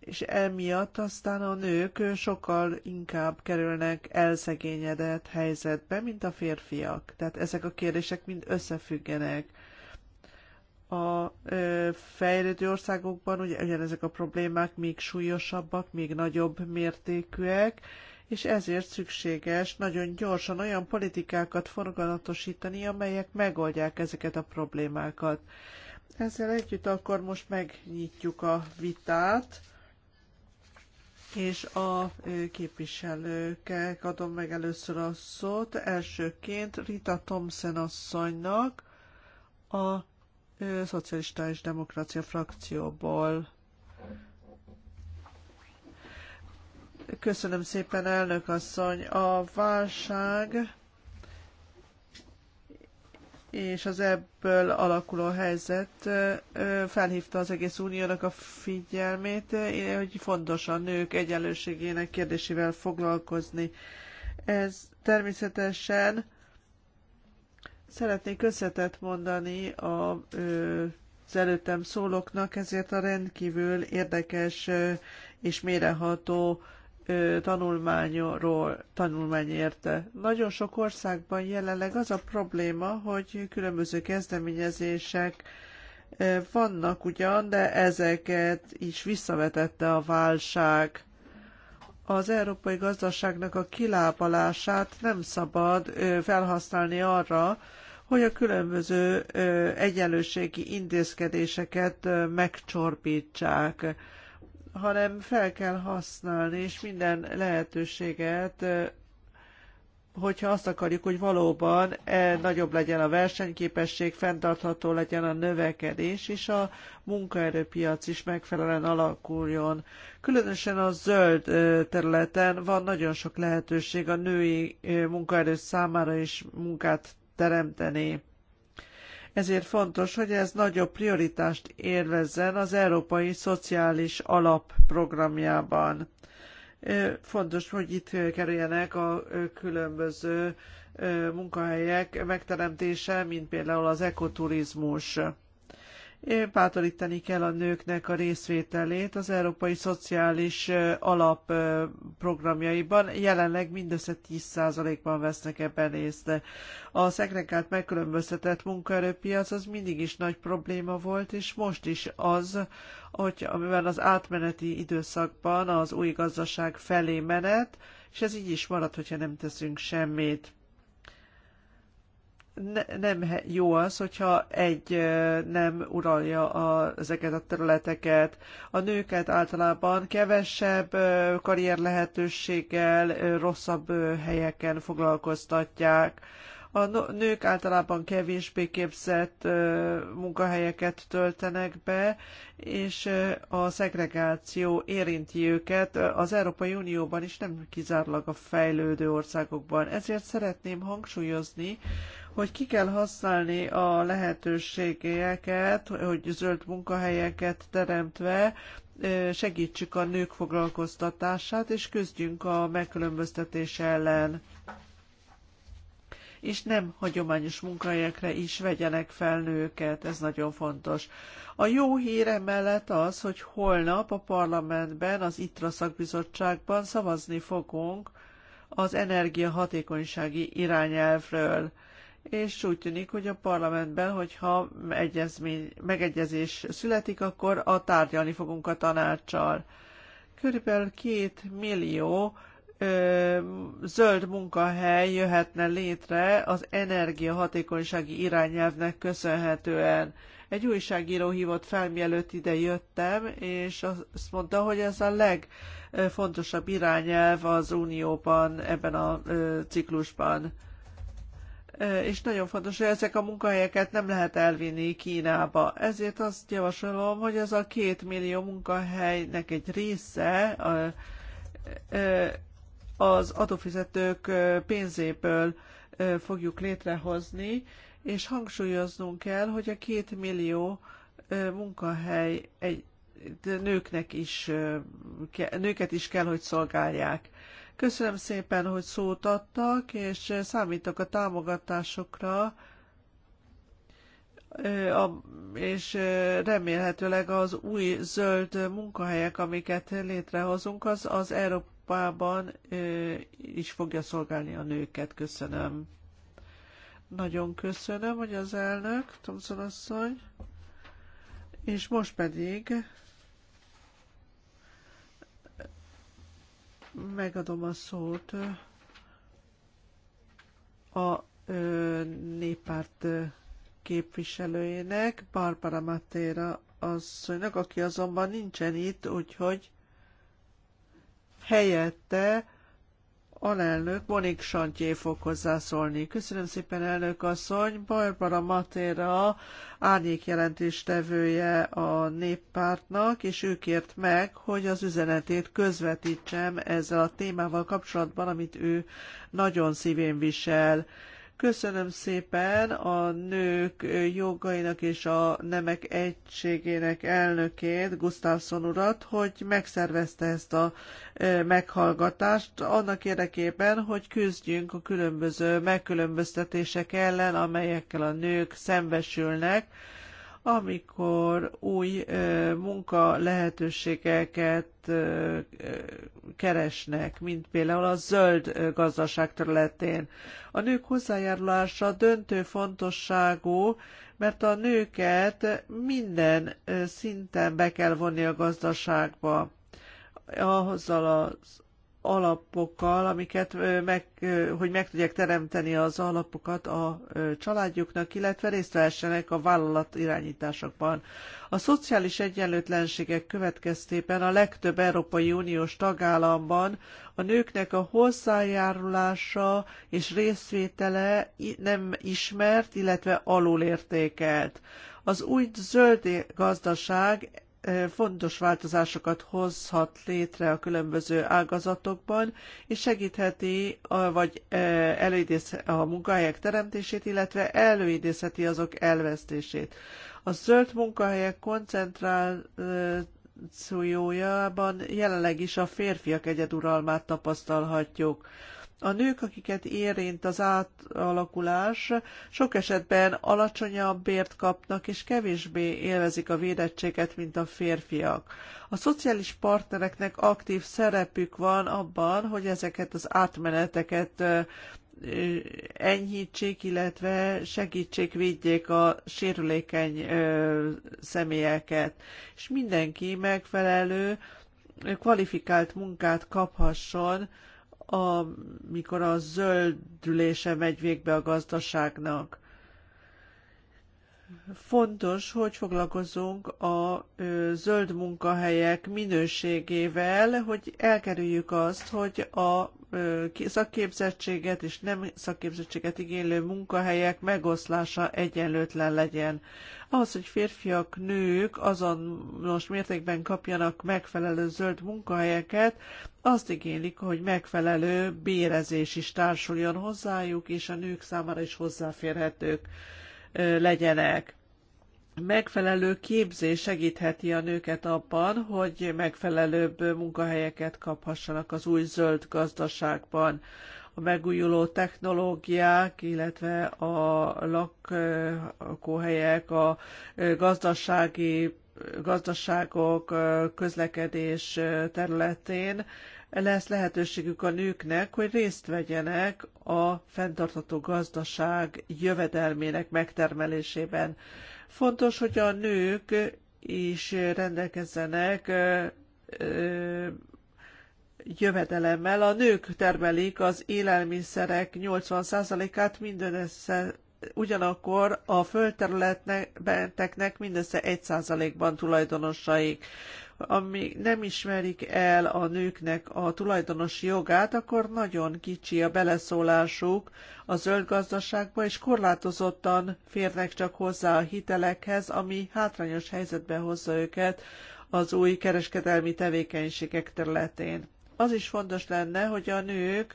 és emiatt aztán a nők sokkal inkább kerülnek elszegényedett helyzetbe, mint a férfiak. Tehát ezek a kérdések mind összefüggenek. A ö, fejlődő országokban ugye ugyanezek a problémák még súlyosabbak, még nagyobb mértékűek, és ezért szükséges nagyon gyorsan olyan politikákat forgalatosítani, amelyek megoldják ezeket a problémákat. Ezzel együtt akkor most megnyitjuk a vitát és a képviselőkkel adom meg először a szót. Elsőként Rita Thomsen asszonynak a Szocialista és Demokrácia frakcióból. Köszönöm szépen, elnök asszony. A válság és az ebből alakuló helyzet felhívta az egész uniónak a figyelmét, hogy fontos a nők egyenlőségének kérdésével foglalkozni. Ez természetesen szeretnék összetett mondani a, az előttem szólóknak, ezért a rendkívül érdekes és méreható tanulmányról, tanulmány érte. Nagyon sok országban jelenleg az a probléma, hogy különböző kezdeményezések vannak ugyan, de ezeket is visszavetette a válság. Az európai gazdaságnak a kilábalását nem szabad felhasználni arra, hogy a különböző egyenlőségi intézkedéseket megcsorbítsák hanem fel kell használni, és minden lehetőséget, hogyha azt akarjuk, hogy valóban e, nagyobb legyen a versenyképesség, fenntartható legyen a növekedés, és a munkaerőpiac is megfelelően alakuljon. Különösen a zöld területen van nagyon sok lehetőség a női munkaerő számára is munkát teremteni ezért fontos, hogy ez nagyobb prioritást élvezzen az Európai Szociális Alap programjában. Fontos, hogy itt kerüljenek a különböző munkahelyek megteremtése, mint például az ekoturizmus. Bátorítani kell a nőknek a részvételét az Európai Szociális Alap programjaiban. Jelenleg mindössze 10%-ban vesznek ebben részt. A szegregált megkülönböztetett munkaerőpiac az mindig is nagy probléma volt, és most is az, hogy amivel az átmeneti időszakban az új gazdaság felé menet, és ez így is marad, hogyha nem teszünk semmit ne, nem jó az, hogyha egy nem uralja a, ezeket a területeket. A nőket általában kevesebb karrier lehetőséggel, rosszabb helyeken foglalkoztatják. A nők általában kevésbé képzett munkahelyeket töltenek be, és a szegregáció érinti őket az Európai Unióban is, nem kizárólag a fejlődő országokban. Ezért szeretném hangsúlyozni, hogy ki kell használni a lehetőségeket, hogy zöld munkahelyeket teremtve segítsük a nők foglalkoztatását, és küzdjünk a megkülönböztetés ellen és nem hagyományos munkahelyekre is vegyenek fel nőket, ez nagyon fontos. A jó híre mellett az, hogy holnap a parlamentben, az ITRA szakbizottságban szavazni fogunk az energiahatékonysági irányelvről és úgy tűnik, hogy a parlamentben, hogyha megegyezés születik, akkor a tárgyalni fogunk a tanácssal. Körülbelül két millió ö, zöld munkahely jöhetne létre az energiahatékonysági irányelvnek köszönhetően. Egy újságíró hívott fel, mielőtt ide jöttem, és azt mondta, hogy ez a legfontosabb irányelv az Unióban ebben a ö, ciklusban. Eh, és nagyon fontos, hogy ezek a munkahelyeket nem lehet elvinni Kínába. Ezért azt javasolom, hogy ez a két millió munkahelynek egy része eh, eh, az adófizetők pénzéből fogjuk létrehozni, és hangsúlyoznunk kell, hogy a két millió munkahely egy nőknek is, nőket is kell, hogy szolgálják. Köszönöm szépen, hogy szót adtak, és számítok a támogatásokra, és remélhetőleg az új zöld munkahelyek, amiket létrehozunk, az az Európában is fogja szolgálni a nőket. Köszönöm. Nagyon köszönöm, hogy az elnök, Thomson asszony. És most pedig Megadom a szót a néppárt képviselőjének, Barbara Matéra asszonynak, aki azonban nincsen itt, úgyhogy helyette alelnök Monik Santjé fog hozzászólni. Köszönöm szépen, elnök asszony. Barbara Matéra árnyék jelentéstevője a néppártnak, és ő kért meg, hogy az üzenetét közvetítsem ezzel a témával kapcsolatban, amit ő nagyon szívén visel Köszönöm szépen a nők jogainak és a nemek egységének elnökét, Gustafsson urat, hogy megszervezte ezt a meghallgatást annak érdekében, hogy küzdjünk a különböző megkülönböztetések ellen, amelyekkel a nők szembesülnek, amikor új munka lehetőségeket keresnek, mint például a zöld gazdaság területén. A nők hozzájárulása döntő fontosságú, mert a nőket minden szinten be kell vonni a gazdaságba azzal az alapokkal, amiket meg, hogy meg tudják teremteni az alapokat a családjuknak, illetve részt vehessenek a vállalat irányításokban. A szociális egyenlőtlenségek következtében a legtöbb Európai Uniós tagállamban a nőknek a hozzájárulása és részvétele nem ismert, illetve alulértékelt. Az új zöld gazdaság fontos változásokat hozhat létre a különböző ágazatokban, és segítheti, vagy előidézheti a munkahelyek teremtését, illetve előidézheti azok elvesztését. A zöld munkahelyek koncentrációjában jelenleg is a férfiak egyeduralmát tapasztalhatjuk. A nők, akiket érint az átalakulás, sok esetben alacsonyabb bért kapnak, és kevésbé élvezik a védettséget, mint a férfiak. A szociális partnereknek aktív szerepük van abban, hogy ezeket az átmeneteket enyhítsék, illetve segítsék, védjék a sérülékeny személyeket. És mindenki megfelelő, kvalifikált munkát kaphasson, amikor a zöldülése megy végbe a gazdaságnak. Fontos, hogy foglalkozunk a zöld munkahelyek minőségével, hogy elkerüljük azt, hogy a szakképzettséget és nem szakképzettséget igénylő munkahelyek megoszlása egyenlőtlen legyen. Az, hogy férfiak, nők azonos mértékben kapjanak megfelelő zöld munkahelyeket, azt igénylik, hogy megfelelő bérezés is társuljon hozzájuk, és a nők számára is hozzáférhetők legyenek. Megfelelő képzés segítheti a nőket abban, hogy megfelelőbb munkahelyeket kaphassanak az új zöld gazdaságban. A megújuló technológiák, illetve a lakóhelyek, a gazdasági gazdaságok, közlekedés területén lesz lehetőségük a nőknek, hogy részt vegyenek a fenntartható gazdaság jövedelmének megtermelésében. Fontos, hogy a nők is rendelkezzenek jövedelemmel. A nők termelik az élelmiszerek 80%-át mindössze ugyanakkor a földterületeknek mindössze 1%-ban tulajdonosaik ami nem ismerik el a nőknek a tulajdonosi jogát, akkor nagyon kicsi a beleszólásuk a zöld gazdaságba, és korlátozottan férnek csak hozzá a hitelekhez, ami hátrányos helyzetbe hozza őket az új kereskedelmi tevékenységek területén. Az is fontos lenne, hogy a nők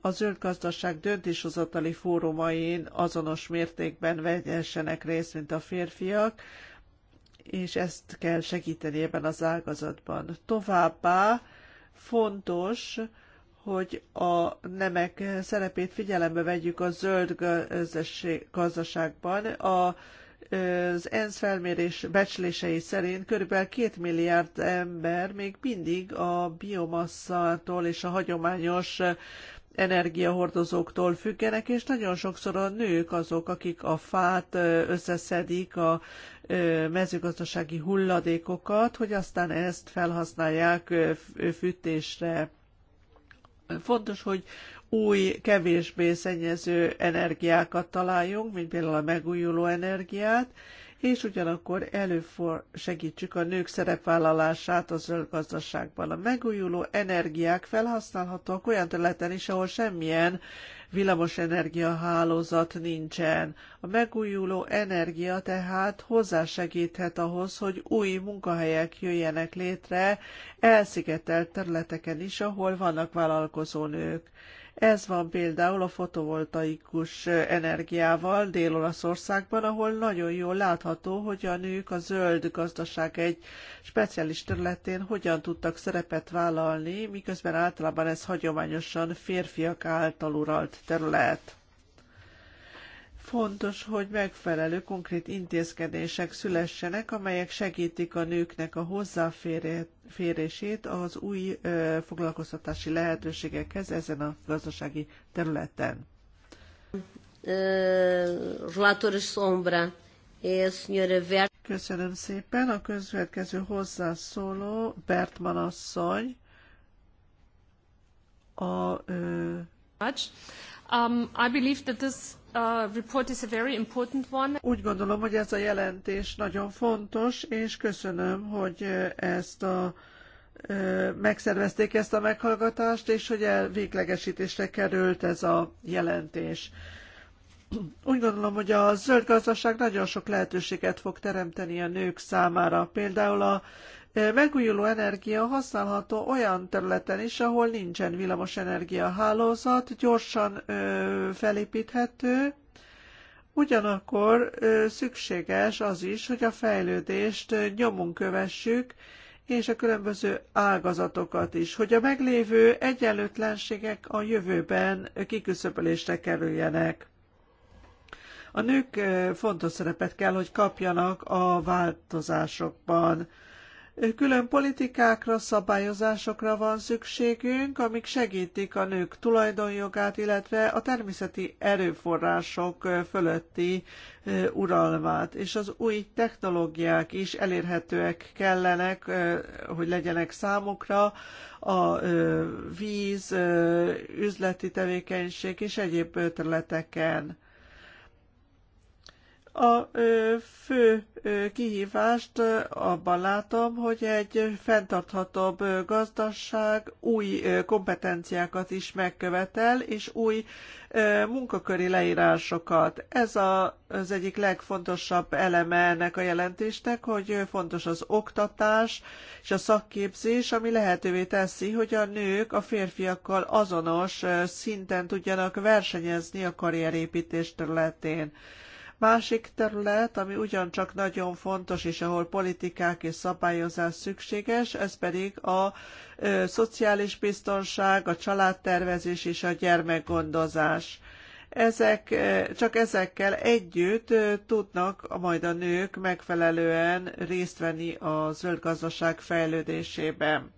a zöld gazdaság döntéshozatali fórumain azonos mértékben vegyessenek részt, mint a férfiak, és ezt kell segíteni ebben az ágazatban. Továbbá fontos, hogy a nemek szerepét figyelembe vegyük a zöld gazdaságban. A, az ENSZ felmérés becslései szerint kb. 2 milliárd ember még mindig a biomasszától és a hagyományos energiahordozóktól függenek, és nagyon sokszor a nők azok, akik a fát összeszedik, a mezőgazdasági hulladékokat, hogy aztán ezt felhasználják fűtésre. Fontos, hogy új, kevésbé szennyező energiákat találjunk, mint például a megújuló energiát, és ugyanakkor előfor segítsük a nők szerepvállalását a zöld gazdaságban. A megújuló energiák felhasználhatóak olyan területen is, ahol semmilyen villamos energiahálózat nincsen. A megújuló energia tehát hozzásegíthet ahhoz, hogy új munkahelyek jöjjenek létre elszigetelt területeken is, ahol vannak nők. Ez van például a fotovoltaikus energiával Dél-Olaszországban, ahol nagyon jól látható, hogy a nők a zöld gazdaság egy speciális területén hogyan tudtak szerepet vállalni, miközben általában ez hagyományosan férfiak által uralt terület. Fontos, hogy megfelelő konkrét intézkedések szülessenek, amelyek segítik a nőknek a hozzáférését az új foglalkoztatási lehetőségekhez ezen a gazdasági területen. Sombra, Köszönöm szépen. A közvetkező hozzászóló Bertman asszony a ö, Um, uh, Úgy gondolom, hogy ez a jelentés nagyon fontos, és köszönöm, hogy ezt a megszervezték ezt a meghallgatást, és hogy véglegesítésre került ez a jelentés. Úgy gondolom, hogy a zöld gazdaság nagyon sok lehetőséget fog teremteni a nők számára. Például a Eh, megújuló energia használható olyan területen is, ahol nincsen villamosenergia hálózat, gyorsan felépíthető, ugyanakkor szükséges az is, hogy a fejlődést nyomon kövessük, és a különböző ágazatokat is, hogy a meglévő egyenlőtlenségek a jövőben kiküszöbölésre kerüljenek. A nők fontos szerepet kell, hogy kapjanak a változásokban. Külön politikákra, szabályozásokra van szükségünk, amik segítik a nők tulajdonjogát, illetve a természeti erőforrások fölötti uralmát, és az új technológiák is elérhetőek kellenek, hogy legyenek számukra a víz, üzleti tevékenység és egyéb területeken a fő kihívást abban látom, hogy egy fenntarthatóbb gazdaság új kompetenciákat is megkövetel, és új munkaköri leírásokat. Ez a, az egyik legfontosabb eleme ennek a jelentésnek, hogy fontos az oktatás és a szakképzés, ami lehetővé teszi, hogy a nők a férfiakkal azonos szinten tudjanak versenyezni a karrierépítés területén Másik terület, ami ugyancsak nagyon fontos, és ahol politikák és szabályozás szükséges, ez pedig a ö, szociális biztonság, a családtervezés és a gyermekgondozás ezek, csak ezekkel együtt tudnak majd a nők megfelelően részt venni a zöld gazdaság fejlődésében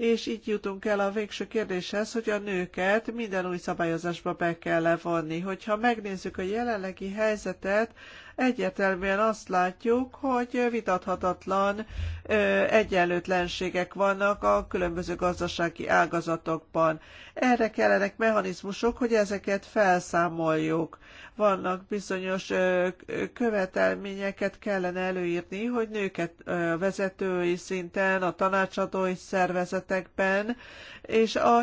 és így jutunk el a végső kérdéshez, hogy a nőket minden új szabályozásba be kell levonni. Hogyha megnézzük a jelenlegi helyzetet, egyértelműen azt látjuk, hogy vitathatatlan ö, egyenlőtlenségek vannak a különböző gazdasági ágazatokban. Erre kellenek mechanizmusok, hogy ezeket felszámoljuk vannak bizonyos követelményeket kellene előírni, hogy nőket vezetői szinten, a tanácsadói szervezetekben, és a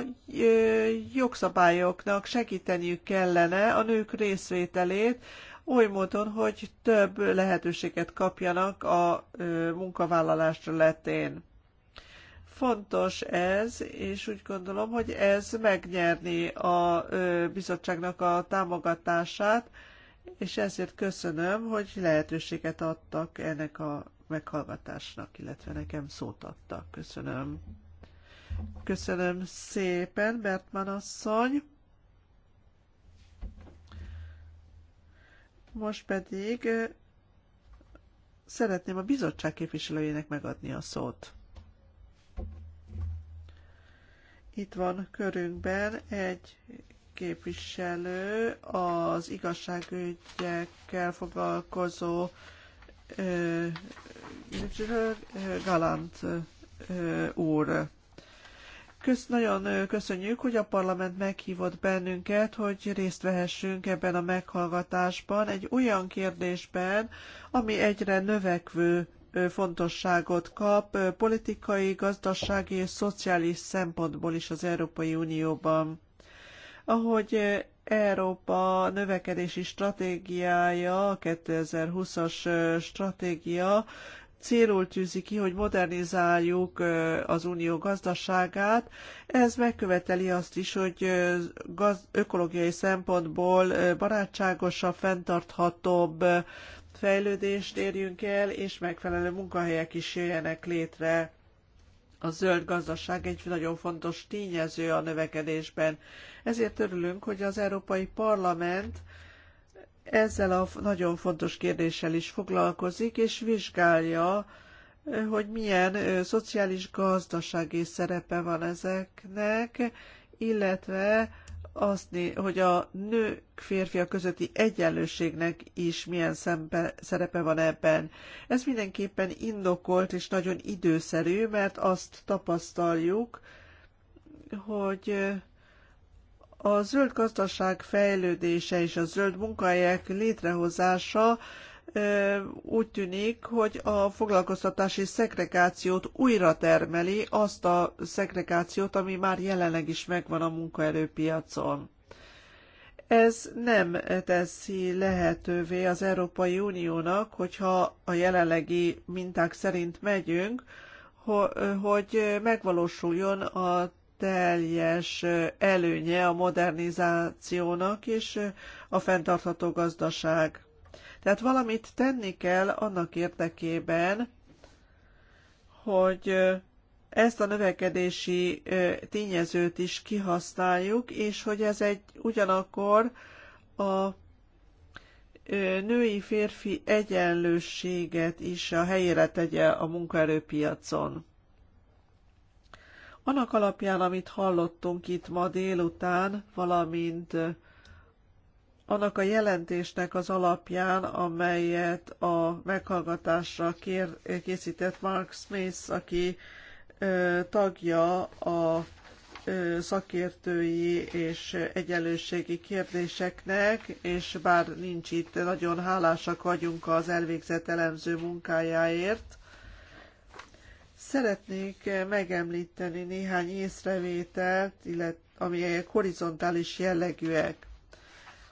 jogszabályoknak segíteniük kellene a nők részvételét, oly módon, hogy több lehetőséget kapjanak a munkavállalás területén. Fontos ez, és úgy gondolom, hogy ez megnyerni a bizottságnak a támogatását, és ezért köszönöm, hogy lehetőséget adtak ennek a meghallgatásnak, illetve nekem szót adtak. Köszönöm. Köszönöm szépen, Bertman asszony. Most pedig szeretném a bizottság képviselőjének megadni a szót. Itt van körünkben egy képviselő, az igazságügyekkel foglalkozó Galant úr. Kösz, nagyon köszönjük, hogy a parlament meghívott bennünket, hogy részt vehessünk ebben a meghallgatásban egy olyan kérdésben, ami egyre növekvő fontosságot kap politikai, gazdasági és szociális szempontból is az Európai Unióban. Ahogy Európa növekedési stratégiája, a 2020-as stratégia célul tűzi ki, hogy modernizáljuk az unió gazdaságát. Ez megköveteli azt is, hogy ökológiai szempontból barátságosabb, fenntarthatóbb fejlődést érjünk el, és megfelelő munkahelyek is jöjjenek létre. A zöld gazdaság egy nagyon fontos tényező a növekedésben. Ezért örülünk, hogy az Európai Parlament ezzel a nagyon fontos kérdéssel is foglalkozik, és vizsgálja, hogy milyen szociális gazdasági szerepe van ezeknek, illetve azt, hogy a nők férfia közötti egyenlőségnek is milyen szempe, szerepe van ebben. Ez mindenképpen indokolt és nagyon időszerű, mert azt tapasztaljuk, hogy a zöld gazdaság fejlődése és a zöld munkahelyek létrehozása úgy tűnik, hogy a foglalkoztatási szegregációt újra termeli azt a szegregációt, ami már jelenleg is megvan a munkaerőpiacon. Ez nem teszi lehetővé az Európai Uniónak, hogyha a jelenlegi minták szerint megyünk, hogy megvalósuljon a teljes előnye a modernizációnak és a fenntartható gazdaság tehát valamit tenni kell annak érdekében, hogy ezt a növekedési tényezőt is kihasználjuk, és hogy ez egy ugyanakkor a női-férfi egyenlősséget is a helyére tegye a munkaerőpiacon. Annak alapján, amit hallottunk itt ma délután, valamint annak a jelentésnek az alapján, amelyet a meghallgatásra kér, készített Mark Smith, aki ö, tagja a ö, szakértői és egyenlőségi kérdéseknek, és bár nincs itt, nagyon hálásak vagyunk az elvégzett elemző munkájáért. Szeretnék megemlíteni néhány észrevételt, illetve amelyek horizontális jellegűek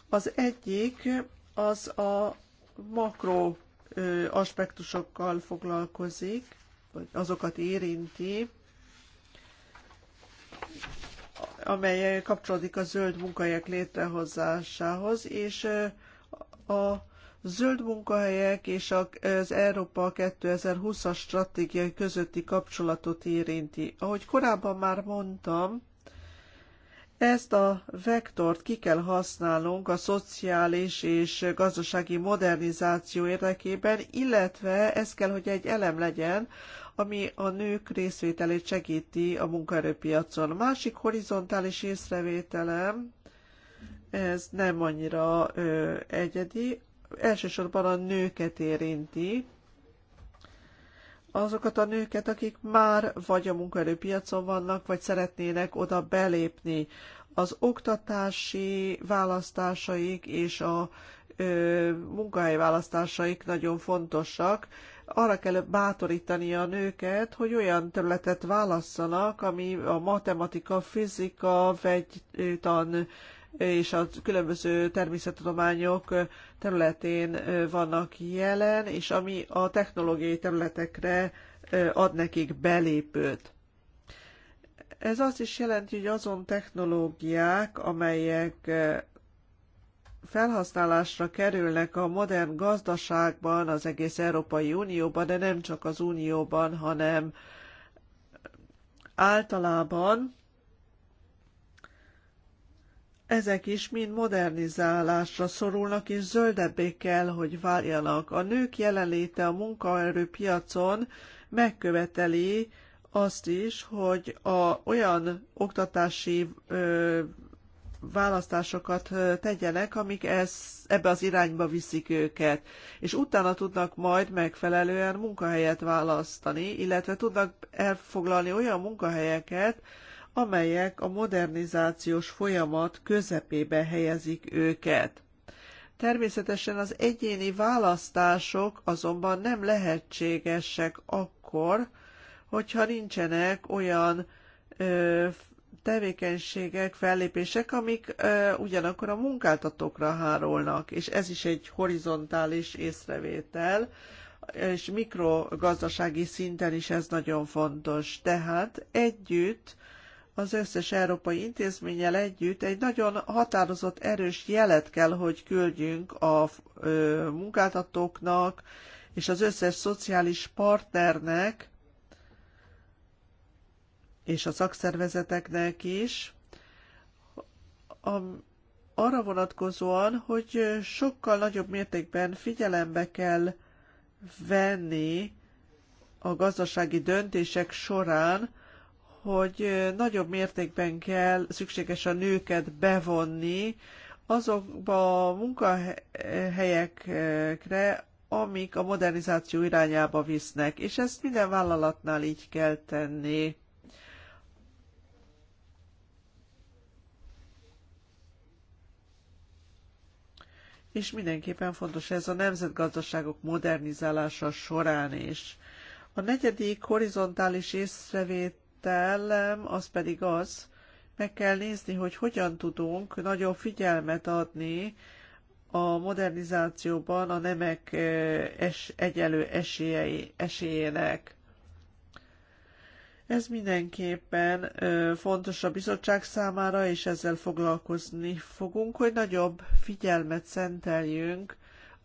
az egyik az a makro aspektusokkal foglalkozik, vagy azokat érinti, amely kapcsolódik a zöld munkahelyek létrehozásához, és a zöld munkahelyek és az Európa 2020-as stratégiai közötti kapcsolatot érinti. Ahogy korábban már mondtam, ezt a vektort ki kell használnunk a szociális és gazdasági modernizáció érdekében, illetve ez kell, hogy egy elem legyen, ami a nők részvételét segíti a munkaerőpiacon. A másik horizontális észrevételem, ez nem annyira ö, egyedi, elsősorban a nőket érinti, azokat a nőket, akik már vagy a munkaerőpiacon vannak, vagy szeretnének oda belépni. Az oktatási választásaik és a ö, munkahely választásaik nagyon fontosak. Arra kell bátorítani a nőket, hogy olyan területet válasszanak, ami a matematika, fizika, vegytan, és a különböző természettudományok területén vannak jelen, és ami a technológiai területekre ad nekik belépőt. Ez azt is jelenti, hogy azon technológiák, amelyek felhasználásra kerülnek a modern gazdaságban, az egész Európai Unióban, de nem csak az Unióban, hanem általában ezek is mind modernizálásra szorulnak, és zöldebbé kell, hogy váljanak. A nők jelenléte a munkaerőpiacon megköveteli azt is, hogy a, olyan oktatási ö, választásokat tegyenek, amik ez, ebbe az irányba viszik őket, és utána tudnak majd megfelelően munkahelyet választani, illetve tudnak elfoglalni olyan munkahelyeket, amelyek a modernizációs folyamat közepébe helyezik őket. Természetesen az egyéni választások azonban nem lehetségesek akkor, hogyha nincsenek olyan ö, tevékenységek, fellépések, amik ö, ugyanakkor a munkáltatókra hárolnak, és ez is egy horizontális észrevétel, és mikrogazdasági szinten is ez nagyon fontos. Tehát együtt az összes európai intézménnyel együtt egy nagyon határozott, erős jelet kell, hogy küldjünk a munkáltatóknak és az összes szociális partnernek és a szakszervezeteknek is, arra vonatkozóan, hogy sokkal nagyobb mértékben figyelembe kell venni a gazdasági döntések során, hogy nagyobb mértékben kell szükséges a nőket bevonni azokba a munkahelyekre, amik a modernizáció irányába visznek, és ezt minden vállalatnál így kell tenni. És mindenképpen fontos ez a nemzetgazdaságok modernizálása során is. A negyedik horizontális észrevét követelem az pedig az, meg kell nézni, hogy hogyan tudunk nagyon figyelmet adni a modernizációban a nemek eh, es, egyelő esélyei, esélyének. Ez mindenképpen fontos a bizottság számára, és ezzel foglalkozni fogunk, hogy nagyobb figyelmet szenteljünk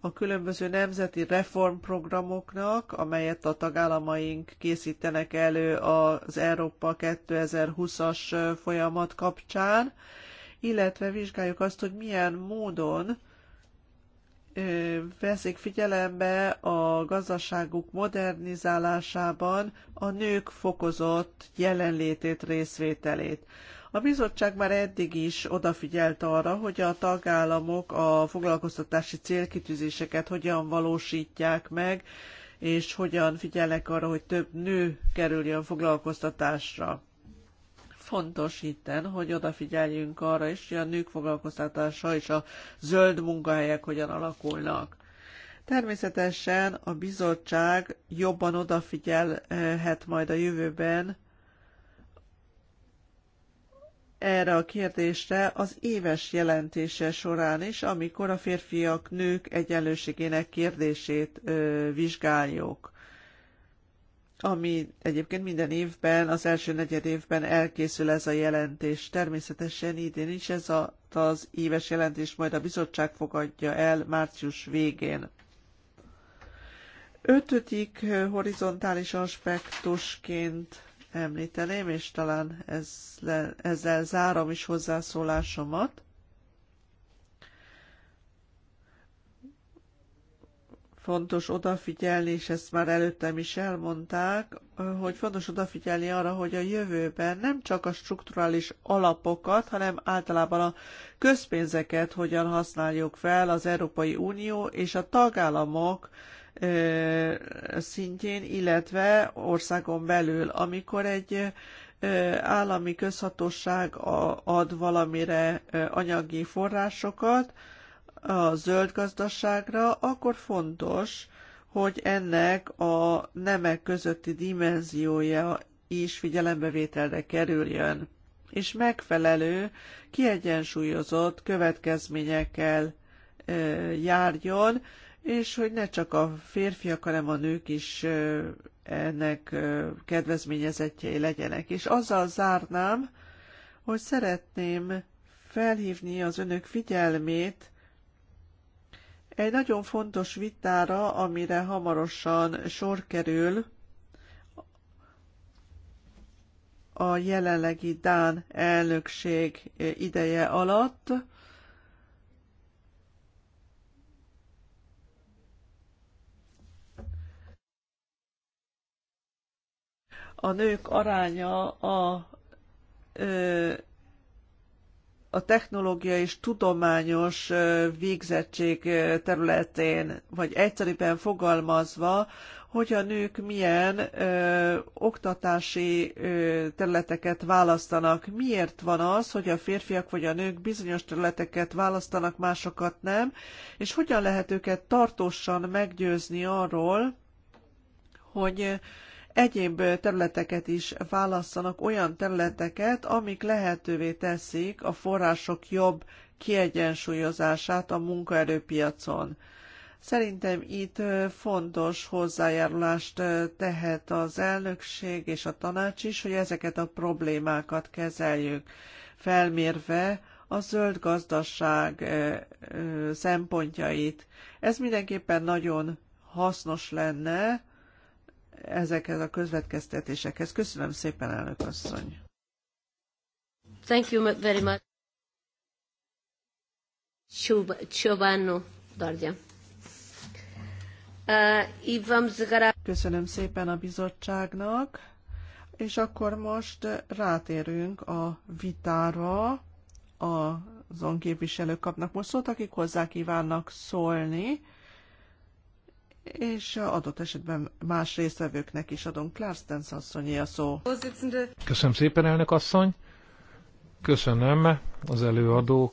a különböző nemzeti reformprogramoknak, amelyet a tagállamaink készítenek elő az Európa 2020-as folyamat kapcsán, illetve vizsgáljuk azt, hogy milyen módon veszik figyelembe a gazdaságuk modernizálásában a nők fokozott jelenlétét, részvételét. A bizottság már eddig is odafigyelt arra, hogy a tagállamok a foglalkoztatási célkitűzéseket hogyan valósítják meg, és hogyan figyelnek arra, hogy több nő kerüljön foglalkoztatásra. Fontos itten, hogy odafigyeljünk arra is, hogy a nők foglalkoztatása és a zöld munkahelyek hogyan alakulnak. Természetesen a bizottság jobban odafigyelhet majd a jövőben erre a kérdésre az éves jelentése során is, amikor a férfiak, nők egyenlőségének kérdését ö, vizsgáljuk ami egyébként minden évben, az első negyed évben elkészül ez a jelentés. Természetesen idén is ez a, az éves jelentés majd a bizottság fogadja el március végén. Ötödik horizontális aspektusként említeném, és talán ezzel, ezzel zárom is hozzászólásomat. fontos odafigyelni, és ezt már előttem is elmondták, hogy fontos odafigyelni arra, hogy a jövőben nem csak a strukturális alapokat, hanem általában a közpénzeket hogyan használjuk fel az Európai Unió és a tagállamok szintjén, illetve országon belül, amikor egy állami közhatóság ad valamire anyagi forrásokat a zöld gazdaságra, akkor fontos, hogy ennek a nemek közötti dimenziója is figyelembevételre kerüljön, és megfelelő, kiegyensúlyozott következményekkel járjon, és hogy ne csak a férfiak, hanem a nők is ennek kedvezményezettjei legyenek. És azzal zárnám, hogy szeretném felhívni az önök figyelmét egy nagyon fontos vitára, amire hamarosan sor kerül a jelenlegi Dán elnökség ideje alatt, a nők aránya a, a technológia és tudományos végzettség területén, vagy egyszerűen fogalmazva, hogy a nők milyen ö, oktatási ö, területeket választanak. Miért van az, hogy a férfiak vagy a nők bizonyos területeket választanak, másokat nem, és hogyan lehet őket tartósan meggyőzni arról, hogy ö, egyéb területeket is válasszanak, olyan területeket, amik lehetővé teszik a források jobb kiegyensúlyozását a munkaerőpiacon. Szerintem itt fontos hozzájárulást tehet az elnökség és a tanács is, hogy ezeket a problémákat kezeljük, felmérve a zöld gazdaság szempontjait. Ez mindenképpen nagyon hasznos lenne, ezekhez a közvetkeztetésekhez. Köszönöm szépen, elnök asszony! Thank you very much. Csobánó uh, Köszönöm szépen a bizottságnak, és akkor most rátérünk a vitára. Azon képviselők kapnak most szót, akik hozzá kívánnak szólni és adott esetben más részvevőknek is adom. Klárstens asszonyi a szó. Köszönöm szépen, elnök asszony. Köszönöm az előadó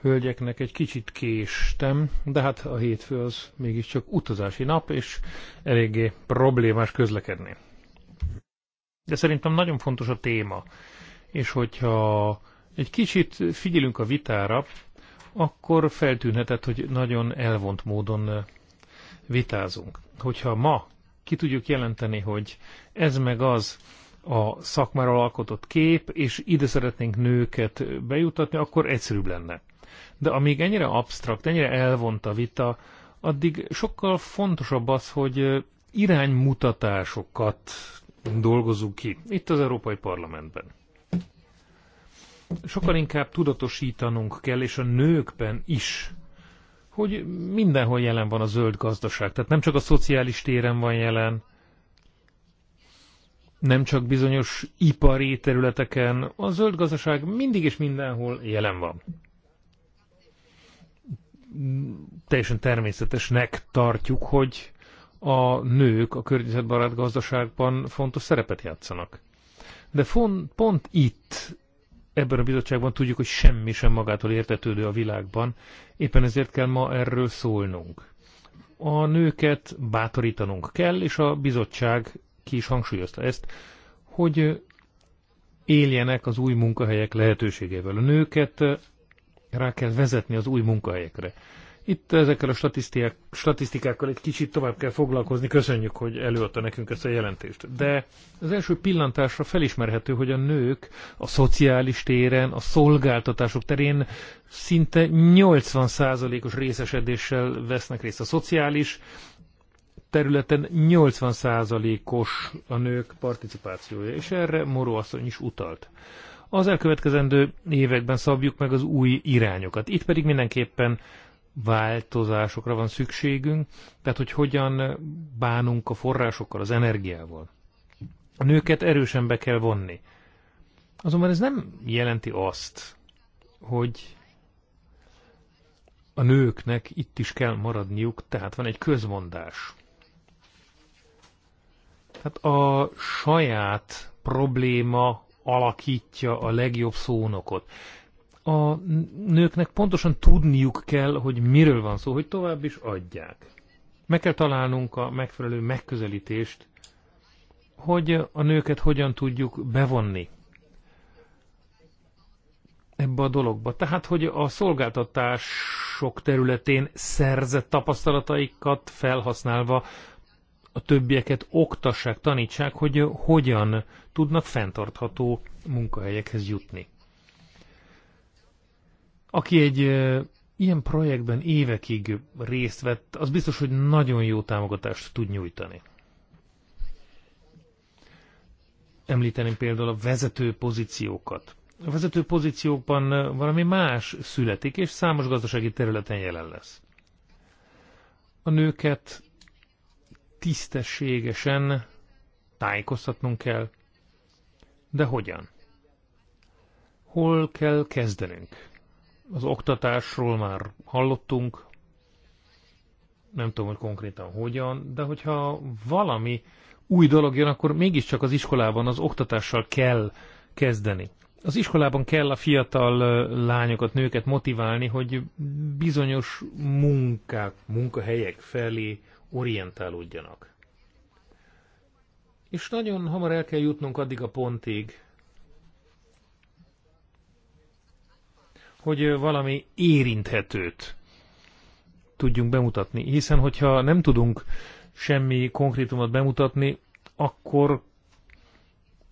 hölgyeknek egy kicsit késtem, de hát a hétfő az mégiscsak utazási nap, és eléggé problémás közlekedni. De szerintem nagyon fontos a téma, és hogyha egy kicsit figyelünk a vitára, akkor feltűnhetett, hogy nagyon elvont módon vitázunk. Hogyha ma ki tudjuk jelenteni, hogy ez meg az a szakmáról alkotott kép, és ide szeretnénk nőket bejutatni, akkor egyszerűbb lenne. De amíg ennyire absztrakt, ennyire elvont a vita, addig sokkal fontosabb az, hogy iránymutatásokat dolgozunk ki itt az Európai Parlamentben. Sokkal inkább tudatosítanunk kell, és a nőkben is hogy mindenhol jelen van a zöld gazdaság. Tehát nem csak a szociális téren van jelen, nem csak bizonyos ipari területeken, a zöld gazdaság mindig és mindenhol jelen van. Teljesen természetesnek tartjuk, hogy a nők a környezetbarát gazdaságban fontos szerepet játszanak. De font, pont itt ebben a bizottságban tudjuk, hogy semmi sem magától értetődő a világban, éppen ezért kell ma erről szólnunk. A nőket bátorítanunk kell, és a bizottság ki is hangsúlyozta ezt, hogy éljenek az új munkahelyek lehetőségével. A nőket rá kell vezetni az új munkahelyekre. Itt ezekkel a statisztikák, statisztikákkal egy kicsit tovább kell foglalkozni. Köszönjük, hogy előadta nekünk ezt a jelentést. De az első pillantásra felismerhető, hogy a nők a szociális téren, a szolgáltatások terén szinte 80%-os részesedéssel vesznek részt. A szociális területen 80%-os a nők participációja, és erre Moró asszony is utalt az elkövetkezendő években szabjuk meg az új irányokat. Itt pedig mindenképpen változásokra van szükségünk, tehát hogy hogyan bánunk a forrásokkal, az energiával. A nőket erősen be kell vonni. Azonban ez nem jelenti azt, hogy a nőknek itt is kell maradniuk, tehát van egy közmondás. Tehát a saját probléma alakítja a legjobb szónokot a nőknek pontosan tudniuk kell, hogy miről van szó, hogy tovább is adják. Meg kell találnunk a megfelelő megközelítést, hogy a nőket hogyan tudjuk bevonni ebbe a dologba. Tehát, hogy a szolgáltatások területén szerzett tapasztalataikat felhasználva a többieket oktassák, tanítsák, hogy hogyan tudnak fenntartható munkahelyekhez jutni. Aki egy ilyen projektben évekig részt vett, az biztos, hogy nagyon jó támogatást tud nyújtani. Említeném például a vezető pozíciókat. A vezető pozíciókban valami más születik, és számos gazdasági területen jelen lesz. A nőket tisztességesen tájékoztatnunk kell, de hogyan? Hol kell kezdenünk? Az oktatásról már hallottunk, nem tudom, hogy konkrétan hogyan, de hogyha valami új dolog jön, akkor mégiscsak az iskolában az oktatással kell kezdeni. Az iskolában kell a fiatal lányokat, nőket motiválni, hogy bizonyos munkák, munkahelyek felé orientálódjanak. És nagyon hamar el kell jutnunk addig a pontig, hogy valami érinthetőt tudjunk bemutatni. Hiszen, hogyha nem tudunk semmi konkrétumot bemutatni, akkor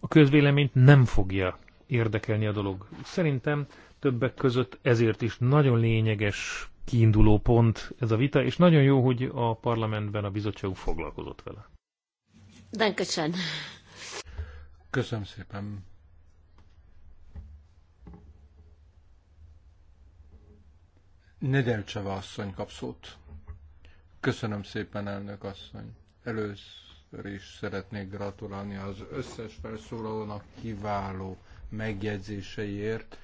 a közvéleményt nem fogja érdekelni a dolog. Szerintem többek között ezért is nagyon lényeges kiinduló pont ez a vita, és nagyon jó, hogy a parlamentben a bizottság foglalkozott vele. Köszönöm szépen. Nedelcseva asszony kap szót. Köszönöm szépen, elnök asszony. Először is szeretnék gratulálni az összes felszólalónak kiváló megjegyzéseiért.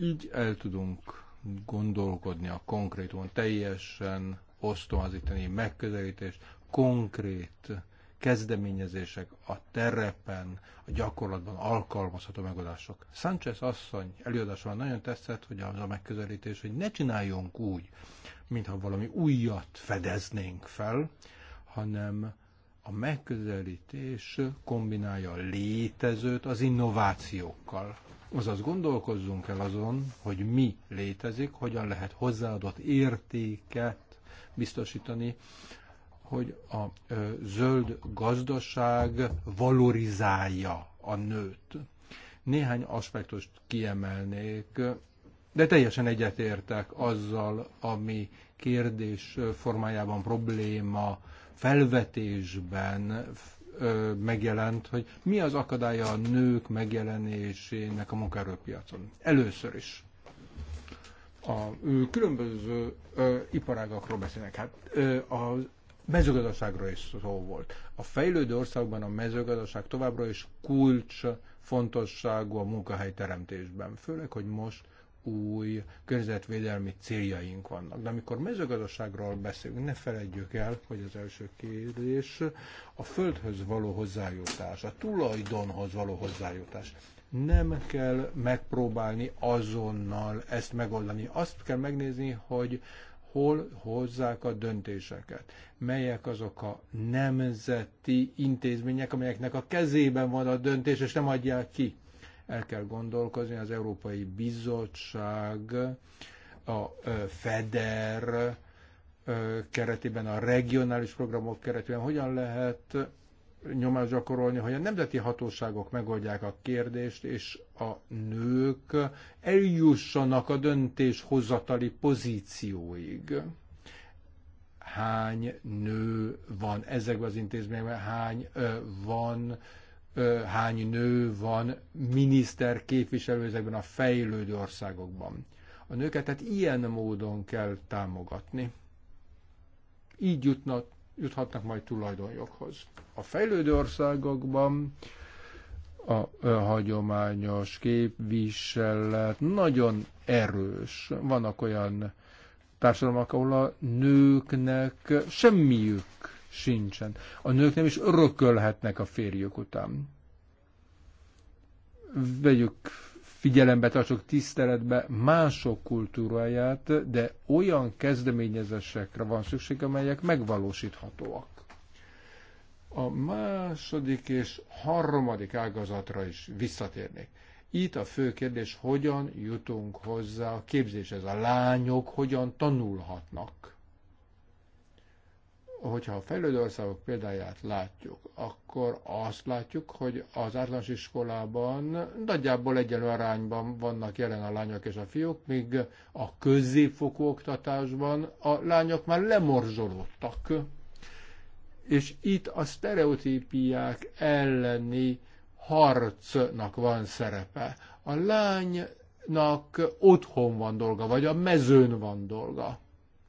Így el tudunk gondolkodni a konkrétumon. Teljesen osztom az itteni megközelítést, konkrét kezdeményezések a terepen, a gyakorlatban alkalmazható megoldások. Sánchez asszony előadásában nagyon tetszett, hogy az a megközelítés, hogy ne csináljunk úgy, mintha valami újat fedeznénk fel, hanem a megközelítés kombinálja a létezőt az innovációkkal. Azaz gondolkozzunk el azon, hogy mi létezik, hogyan lehet hozzáadott értéket biztosítani hogy a zöld gazdaság valorizálja a nőt. Néhány aspektust kiemelnék, de teljesen egyetértek azzal, ami kérdés formájában probléma felvetésben megjelent, hogy mi az akadálya a nők megjelenésének a munkaerőpiacon. Először is a különböző ö, iparágakról beszélnek. Hát ö, az mezőgazdaságról is szó volt. A fejlődő országban a mezőgazdaság továbbra is kulcs fontosságú a munkahelyteremtésben, főleg, hogy most új környezetvédelmi céljaink vannak. De amikor mezőgazdaságról beszélünk, ne feledjük el, hogy az első kérdés a földhöz való hozzájutás, a tulajdonhoz való hozzájutás. Nem kell megpróbálni azonnal ezt megoldani. Azt kell megnézni, hogy hol hozzák a döntéseket, melyek azok a nemzeti intézmények, amelyeknek a kezében van a döntés, és nem adják ki. El kell gondolkozni az Európai Bizottság, a FEDER keretében, a regionális programok keretében, hogyan lehet nyomást gyakorolni, hogy a nemzeti hatóságok megoldják a kérdést, és a nők eljussanak a döntéshozatali pozícióig. Hány nő van ezekben az intézményekben, hány ö, van, hány nő van miniszter képviselő ezekben a fejlődő országokban. A nőket tehát ilyen módon kell támogatni. Így jutnak juthatnak majd tulajdonjoghoz. A fejlődő országokban a hagyományos képviselet nagyon erős. Vannak olyan társadalmak, ahol a nőknek semmiük sincsen. A nők nem is örökölhetnek a férjük után. Vegyük figyelembe tartsuk tiszteletbe mások kultúráját, de olyan kezdeményezésekre van szükség, amelyek megvalósíthatóak. A második és harmadik ágazatra is visszatérnék. Itt a fő kérdés, hogyan jutunk hozzá a képzéshez. A lányok hogyan tanulhatnak? hogyha a fejlődő országok példáját látjuk, akkor azt látjuk, hogy az általános iskolában nagyjából egyenlő arányban vannak jelen a lányok és a fiúk, míg a középfokú oktatásban a lányok már lemorzsolódtak. És itt a sztereotípiák elleni harcnak van szerepe. A lánynak otthon van dolga, vagy a mezőn van dolga,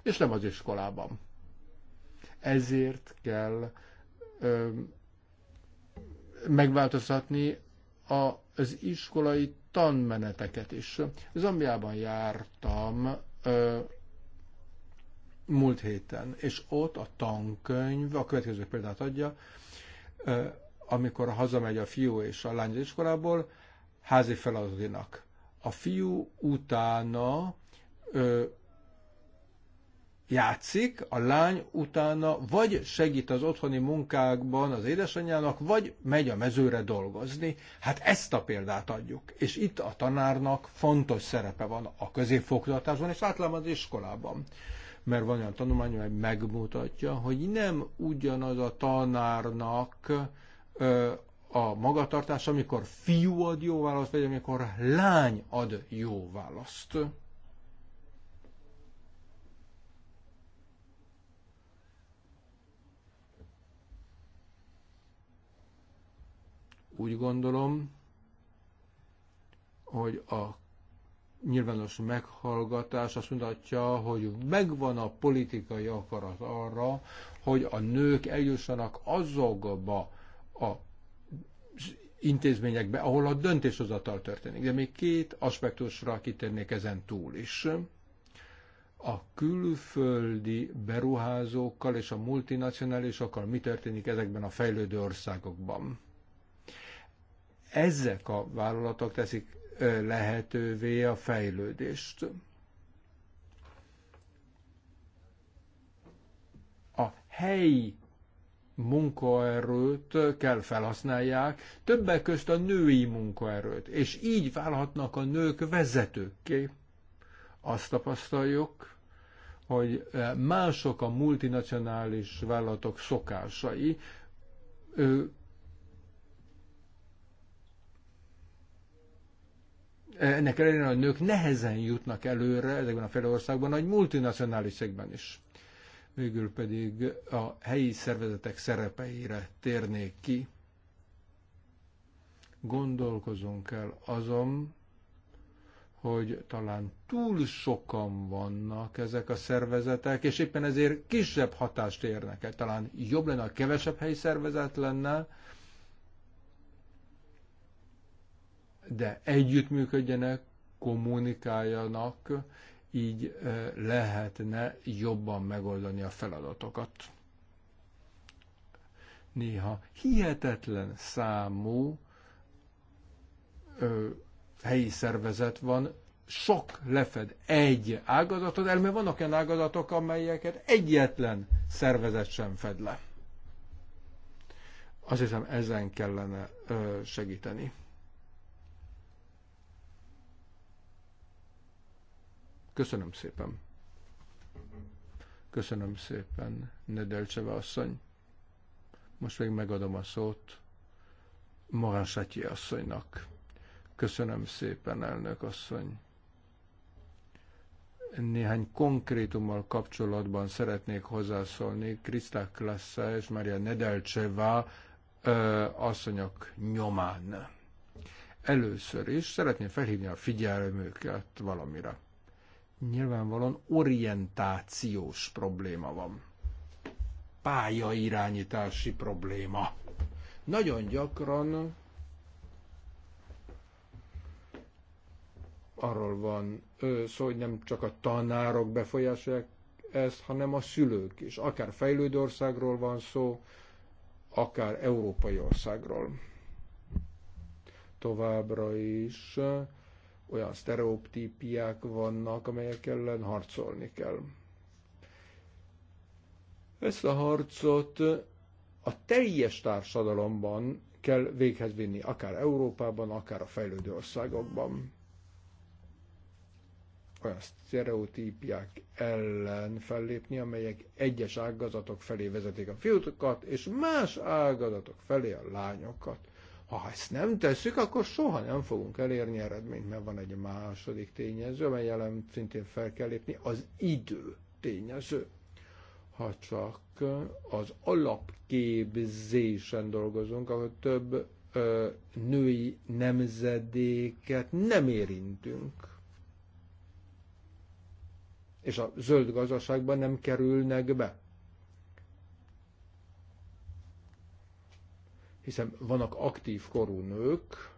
és nem az iskolában ezért kell ö, megváltoztatni a, az iskolai tanmeneteket is. Zambiában jártam ö, múlt héten, és ott a tankönyv a következő példát adja, ö, amikor hazamegy a fiú és a lány az iskolából, házi feladatinak. A fiú utána ö, játszik, a lány utána vagy segít az otthoni munkákban az édesanyjának, vagy megy a mezőre dolgozni. Hát ezt a példát adjuk. És itt a tanárnak fontos szerepe van a középfoglalatásban, és általában az iskolában. Mert van olyan tanulmány, amely megmutatja, hogy nem ugyanaz a tanárnak ö, a magatartás, amikor fiú ad jó választ, vagy amikor lány ad jó választ. Úgy gondolom, hogy a nyilvános meghallgatás azt mutatja, hogy megvan a politikai akarat arra, hogy a nők eljussanak azokba a intézményekbe, ahol a döntéshozatal történik. De még két aspektusra kitérnék ezen túl is. A külföldi beruházókkal és a multinacionálisokkal mi történik ezekben a fejlődő országokban? ezek a vállalatok teszik lehetővé a fejlődést. A helyi munkaerőt kell felhasználják, többek közt a női munkaerőt, és így válhatnak a nők vezetőkké. Azt tapasztaljuk, hogy mások a multinacionális vállalatok szokásai, ennek ellenére a nők nehezen jutnak előre ezekben a felországban, nagy multinacionális cégben is. Végül pedig a helyi szervezetek szerepeire térnék ki. Gondolkozunk el azon, hogy talán túl sokan vannak ezek a szervezetek, és éppen ezért kisebb hatást érnek el. Talán jobb lenne, ha kevesebb helyi szervezet lenne, de együttműködjenek, kommunikáljanak, így eh, lehetne jobban megoldani a feladatokat. Néha hihetetlen számú ö, helyi szervezet van, sok lefed egy ágazatot, el, mert vannak olyan ágazatok, amelyeket egyetlen szervezet sem fed le. Azt hiszem, ezen kellene ö, segíteni. Köszönöm szépen. Köszönöm szépen, Nedelcseve asszony. Most még megadom a szót Morán asszonynak. Köszönöm szépen, elnök asszony. Néhány konkrétummal kapcsolatban szeretnék hozzászólni Krista Klassa és Maria Nedelcseva asszonyok nyomán. Először is szeretném felhívni a figyelmüket valamire nyilvánvalóan orientációs probléma van. Pályairányítási probléma. Nagyon gyakran arról van szó, hogy nem csak a tanárok befolyásolják ezt, hanem a szülők is. Akár fejlődő országról van szó, akár európai országról. Továbbra is olyan sztereoptípiák vannak, amelyek ellen harcolni kell. Ezt a harcot a teljes társadalomban kell véghez vinni, akár Európában, akár a fejlődő országokban. Olyan sztereotípiák ellen fellépni, amelyek egyes ágazatok felé vezetik a fiúkat, és más ágazatok felé a lányokat ha ezt nem tesszük, akkor soha nem fogunk elérni eredményt, mert van egy második tényező, amely jelen szintén fel kell lépni, az idő tényező. Ha csak az alapképzésen dolgozunk, ahol több ö, női nemzedéket nem érintünk, és a zöld gazdaságban nem kerülnek be hiszen vannak aktív korú nők,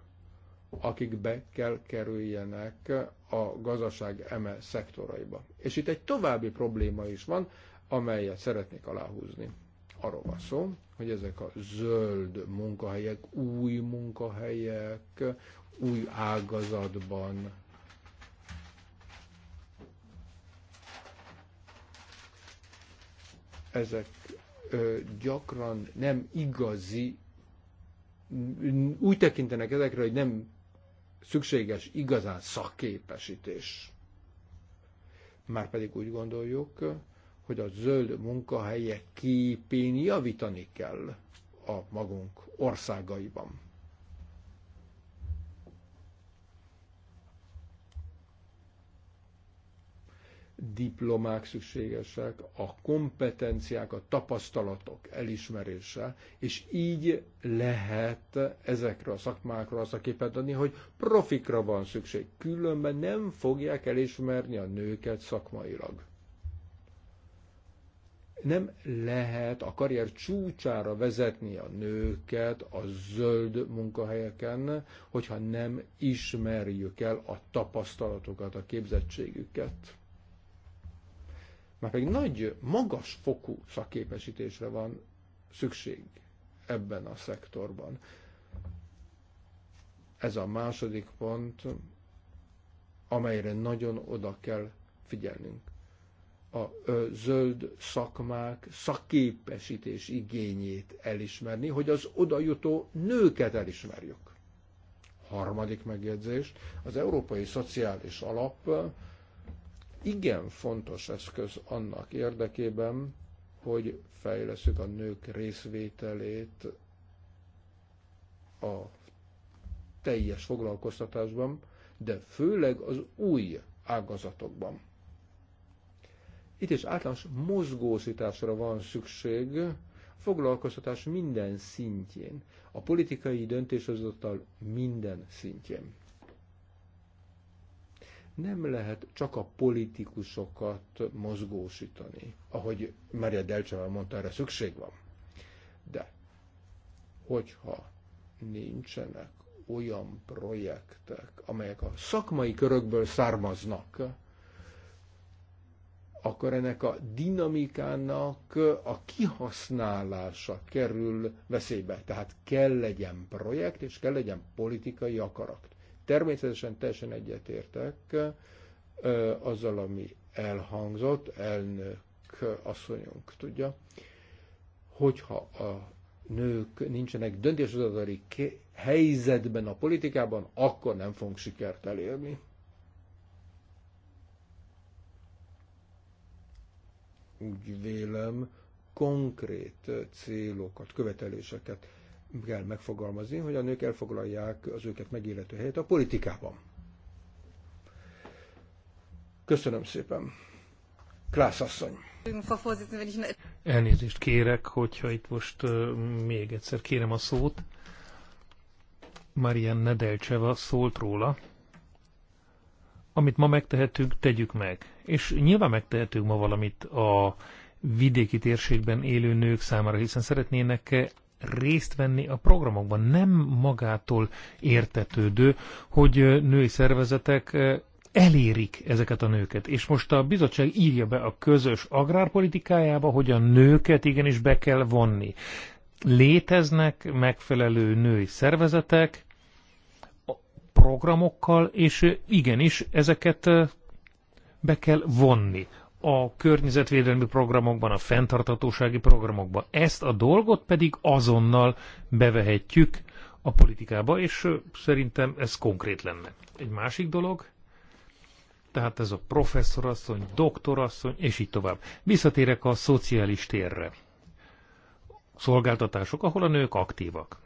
akik be kell kerüljenek a gazdaság eme szektoraiba. És itt egy további probléma is van, amelyet szeretnék aláhúzni. Arról van szó, hogy ezek a zöld munkahelyek, új munkahelyek, új ágazatban ezek ö, gyakran nem igazi úgy tekintenek ezekre, hogy nem szükséges igazán szakképesítés. Márpedig úgy gondoljuk, hogy a zöld munkahelyek képén javítani kell a magunk országaiban. diplomák szükségesek, a kompetenciák, a tapasztalatok elismerése, és így lehet ezekre a szakmákra azt a képet adni, hogy profikra van szükség, különben nem fogják elismerni a nőket szakmailag. Nem lehet a karrier csúcsára vezetni a nőket a zöld munkahelyeken, hogyha nem ismerjük el a tapasztalatokat, a képzettségüket már pedig nagy, magas fokú szakképesítésre van szükség ebben a szektorban. Ez a második pont, amelyre nagyon oda kell figyelnünk. A ö, zöld szakmák szakképesítés igényét elismerni, hogy az odajutó nőket elismerjük. Harmadik megjegyzés, az Európai Szociális Alap igen fontos eszköz annak érdekében, hogy fejleszük a nők részvételét a teljes foglalkoztatásban, de főleg az új ágazatokban. Itt is általános mozgósításra van szükség foglalkoztatás minden szintjén, a politikai döntéshozatal minden szintjén nem lehet csak a politikusokat mozgósítani. Ahogy Maria Delcsával mondta, erre szükség van. De hogyha nincsenek olyan projektek, amelyek a szakmai körökből származnak, akkor ennek a dinamikának a kihasználása kerül veszélybe. Tehát kell legyen projekt, és kell legyen politikai akarat. Természetesen teljesen egyetértek azzal, ami elhangzott, elnök asszonyunk tudja, hogyha a nők nincsenek döntéshozatali helyzetben a politikában, akkor nem fogunk sikert elérni. Úgy vélem, konkrét célokat, követeléseket kell megfogalmazni, hogy a nők elfoglalják az őket megillető helyet a politikában. Köszönöm szépen. Klász asszony. Elnézést kérek, hogyha itt most még egyszer kérem a szót. Marian Nedelcseva szólt róla. Amit ma megtehetünk, tegyük meg. És nyilván megtehetünk ma valamit a vidéki térségben élő nők számára, hiszen szeretnének részt venni a programokban. Nem magától értetődő, hogy női szervezetek elérik ezeket a nőket. És most a bizottság írja be a közös agrárpolitikájába, hogy a nőket igenis be kell vonni. Léteznek megfelelő női szervezetek, programokkal, és igenis ezeket be kell vonni a környezetvédelmi programokban, a fenntartatósági programokban. Ezt a dolgot pedig azonnal bevehetjük a politikába, és szerintem ez konkrét lenne. Egy másik dolog, tehát ez a professzorasszony, doktorasszony, és így tovább. Visszatérek a szociális térre. Szolgáltatások, ahol a nők aktívak.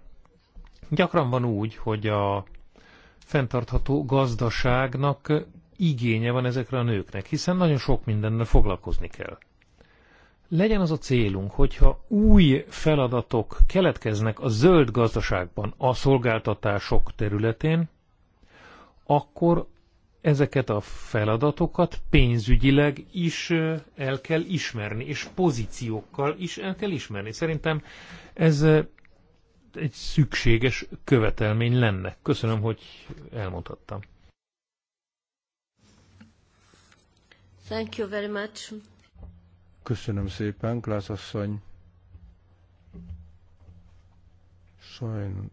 Gyakran van úgy, hogy a fenntartható gazdaságnak igénye van ezekre a nőknek, hiszen nagyon sok mindennel foglalkozni kell. Legyen az a célunk, hogyha új feladatok keletkeznek a zöld gazdaságban, a szolgáltatások területén, akkor ezeket a feladatokat pénzügyileg is el kell ismerni, és pozíciókkal is el kell ismerni. Szerintem ez egy szükséges követelmény lenne. Köszönöm, hogy elmondhattam. Thank you very much. Köszönöm szépen, Klász asszony. Sajn...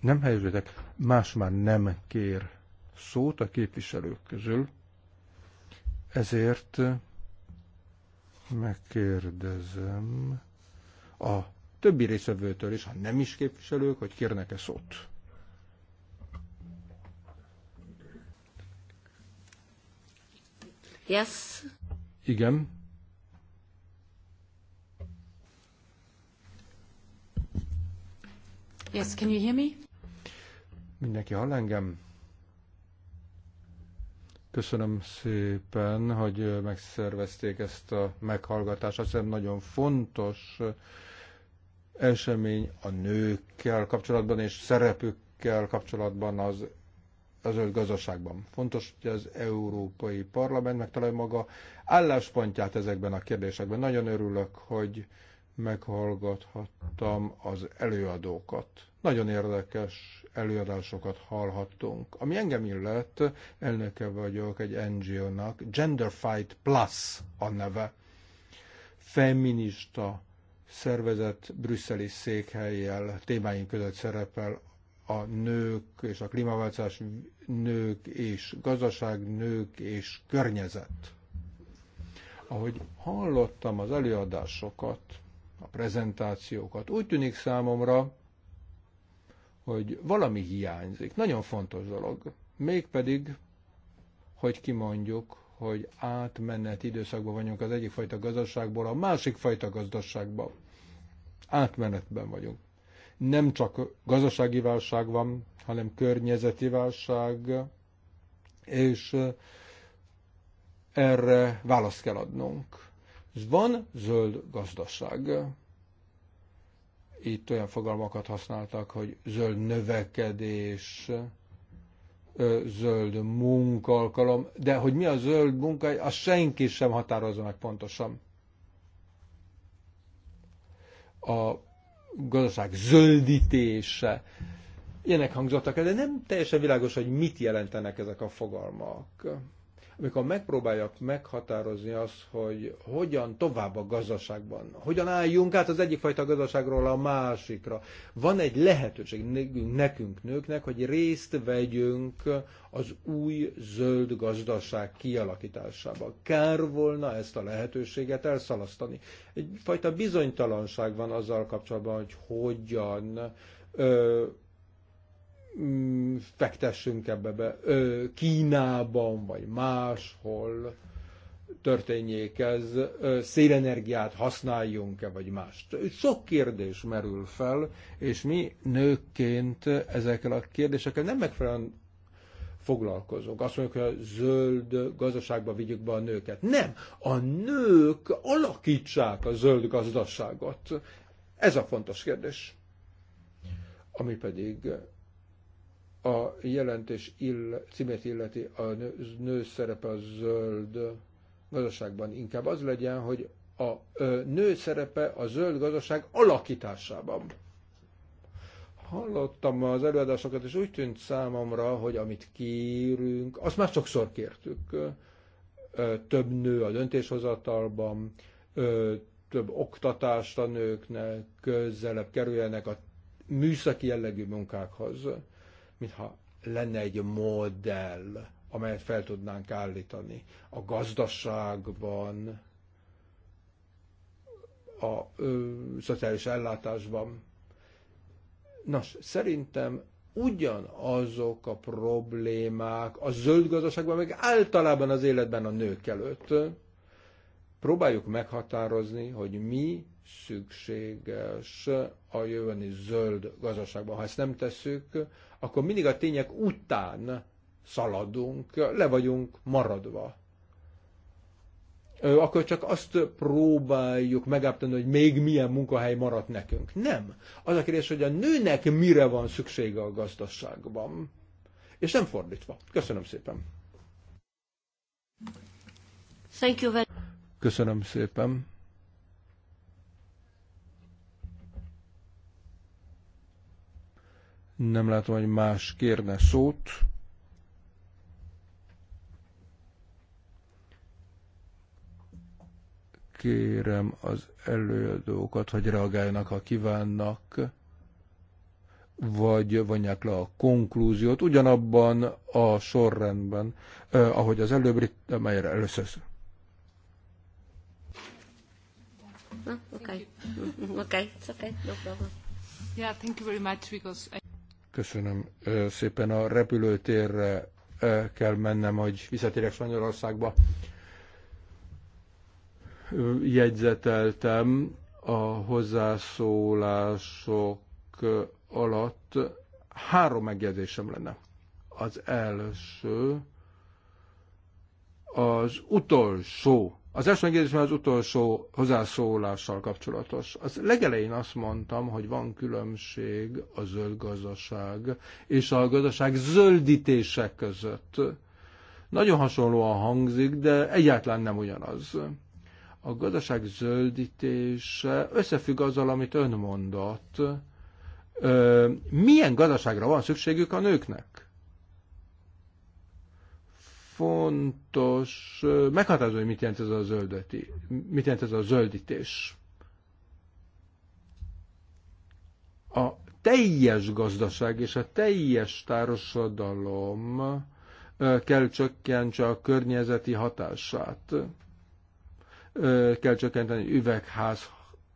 Nem helyződek, más már nem kér szót a képviselők közül, ezért megkérdezem a többi részevőtől is, ha nem is képviselők, hogy kérnek-e szót. Yes. Igen. Yes, can you hear me? Mindenki hall engem? Köszönöm szépen, hogy megszervezték ezt a meghallgatást. Azt hiszem nagyon fontos esemény a nőkkel kapcsolatban és szerepükkel kapcsolatban az a zöld gazdaságban. Fontos, hogy az Európai Parlament megtalálja maga álláspontját ezekben a kérdésekben. Nagyon örülök, hogy meghallgathattam az előadókat. Nagyon érdekes előadásokat hallhattunk. Ami engem illet, elnöke vagyok egy NGO-nak, Gender Fight Plus a neve. Feminista szervezet brüsszeli székhelyjel témáink között szerepel a nők és a klímaváltozás, nők és gazdaság, nők és környezet. Ahogy hallottam az előadásokat, a prezentációkat, úgy tűnik számomra, hogy valami hiányzik. Nagyon fontos dolog. Mégpedig, hogy kimondjuk, hogy átmenet időszakban vagyunk az egyik fajta gazdaságból a másik fajta gazdaságba. Átmenetben vagyunk nem csak gazdasági válság van, hanem környezeti válság, és erre választ kell adnunk. Van zöld gazdaság. Itt olyan fogalmakat használtak, hogy zöld növekedés, zöld munkalkalom, de hogy mi a zöld munka, azt senki sem határozza meg pontosan. A gazdaság zöldítése. Ilyenek hangzottak el, de nem teljesen világos, hogy mit jelentenek ezek a fogalmak amikor megpróbálják meghatározni azt, hogy hogyan tovább a gazdaságban, hogyan álljunk át az egyik fajta gazdaságról a másikra, van egy lehetőség nekünk, nőknek, hogy részt vegyünk az új zöld gazdaság kialakításába. Kár volna ezt a lehetőséget elszalasztani. Egyfajta bizonytalanság van azzal kapcsolatban, hogy hogyan Mm, fektessünk ebbe be, ö, Kínában, vagy máshol történjék ez, ö, szélenergiát használjunk-e, vagy mást. Sok kérdés merül fel, és mi nőkként ezekkel a kérdésekkel nem megfelelően foglalkozunk. Azt mondjuk, hogy a zöld gazdaságba vigyük be a nőket. Nem! A nők alakítsák a zöld gazdaságot. Ez a fontos kérdés. Ami pedig a jelentés ill, címét illeti a nő, nő szerepe a zöld gazdaságban. Inkább az legyen, hogy a ö, nő szerepe a zöld gazdaság alakításában. Hallottam az előadásokat, és úgy tűnt számomra, hogy amit kérünk, azt már sokszor kértük. Ö, több nő a döntéshozatalban, ö, több oktatást a nőknek, közelebb kerüljenek a műszaki jellegű munkákhoz mintha lenne egy modell, amelyet fel tudnánk állítani a gazdaságban, a ö, szociális ellátásban. Nos, szerintem ugyanazok a problémák a zöld gazdaságban, meg általában az életben a nők előtt. Próbáljuk meghatározni, hogy mi szükséges a jövőni zöld gazdaságban. Ha ezt nem tesszük, akkor mindig a tények után szaladunk, le vagyunk maradva. Akkor csak azt próbáljuk megállapítani, hogy még milyen munkahely maradt nekünk. Nem. Az a kérdés, hogy a nőnek mire van szüksége a gazdaságban. És nem fordítva. Köszönöm szépen. Thank you very Köszönöm szépen. Nem látom, hogy más kérne szót. Kérem az előadókat, hogy reagáljanak, ha kívánnak, vagy vonják le a konklúziót, ugyanabban a sorrendben, eh, ahogy az előbb, melyre először. Oké, Oké, oké, Yeah, thank you very much because Köszönöm szépen a repülőtérre kell mennem, hogy visszatérek Spanyolországba. Jegyzeteltem a hozzászólások alatt három megjegyzésem lenne. Az első, az utolsó az első megjegyzésem az utolsó hozzászólással kapcsolatos. Az legelején azt mondtam, hogy van különbség a zöld gazdaság és a gazdaság zöldítése között. Nagyon hasonlóan hangzik, de egyáltalán nem ugyanaz. A gazdaság zöldítése összefügg azzal, amit ön mondott. Ö, milyen gazdaságra van szükségük a nőknek? fontos meghatározni, hogy mit jelent ez a, zöldeti, mit jelent ez a zöldítés. A teljes gazdaság és a teljes társadalom kell csökkentse a környezeti hatását. Kell csökkenteni üvegház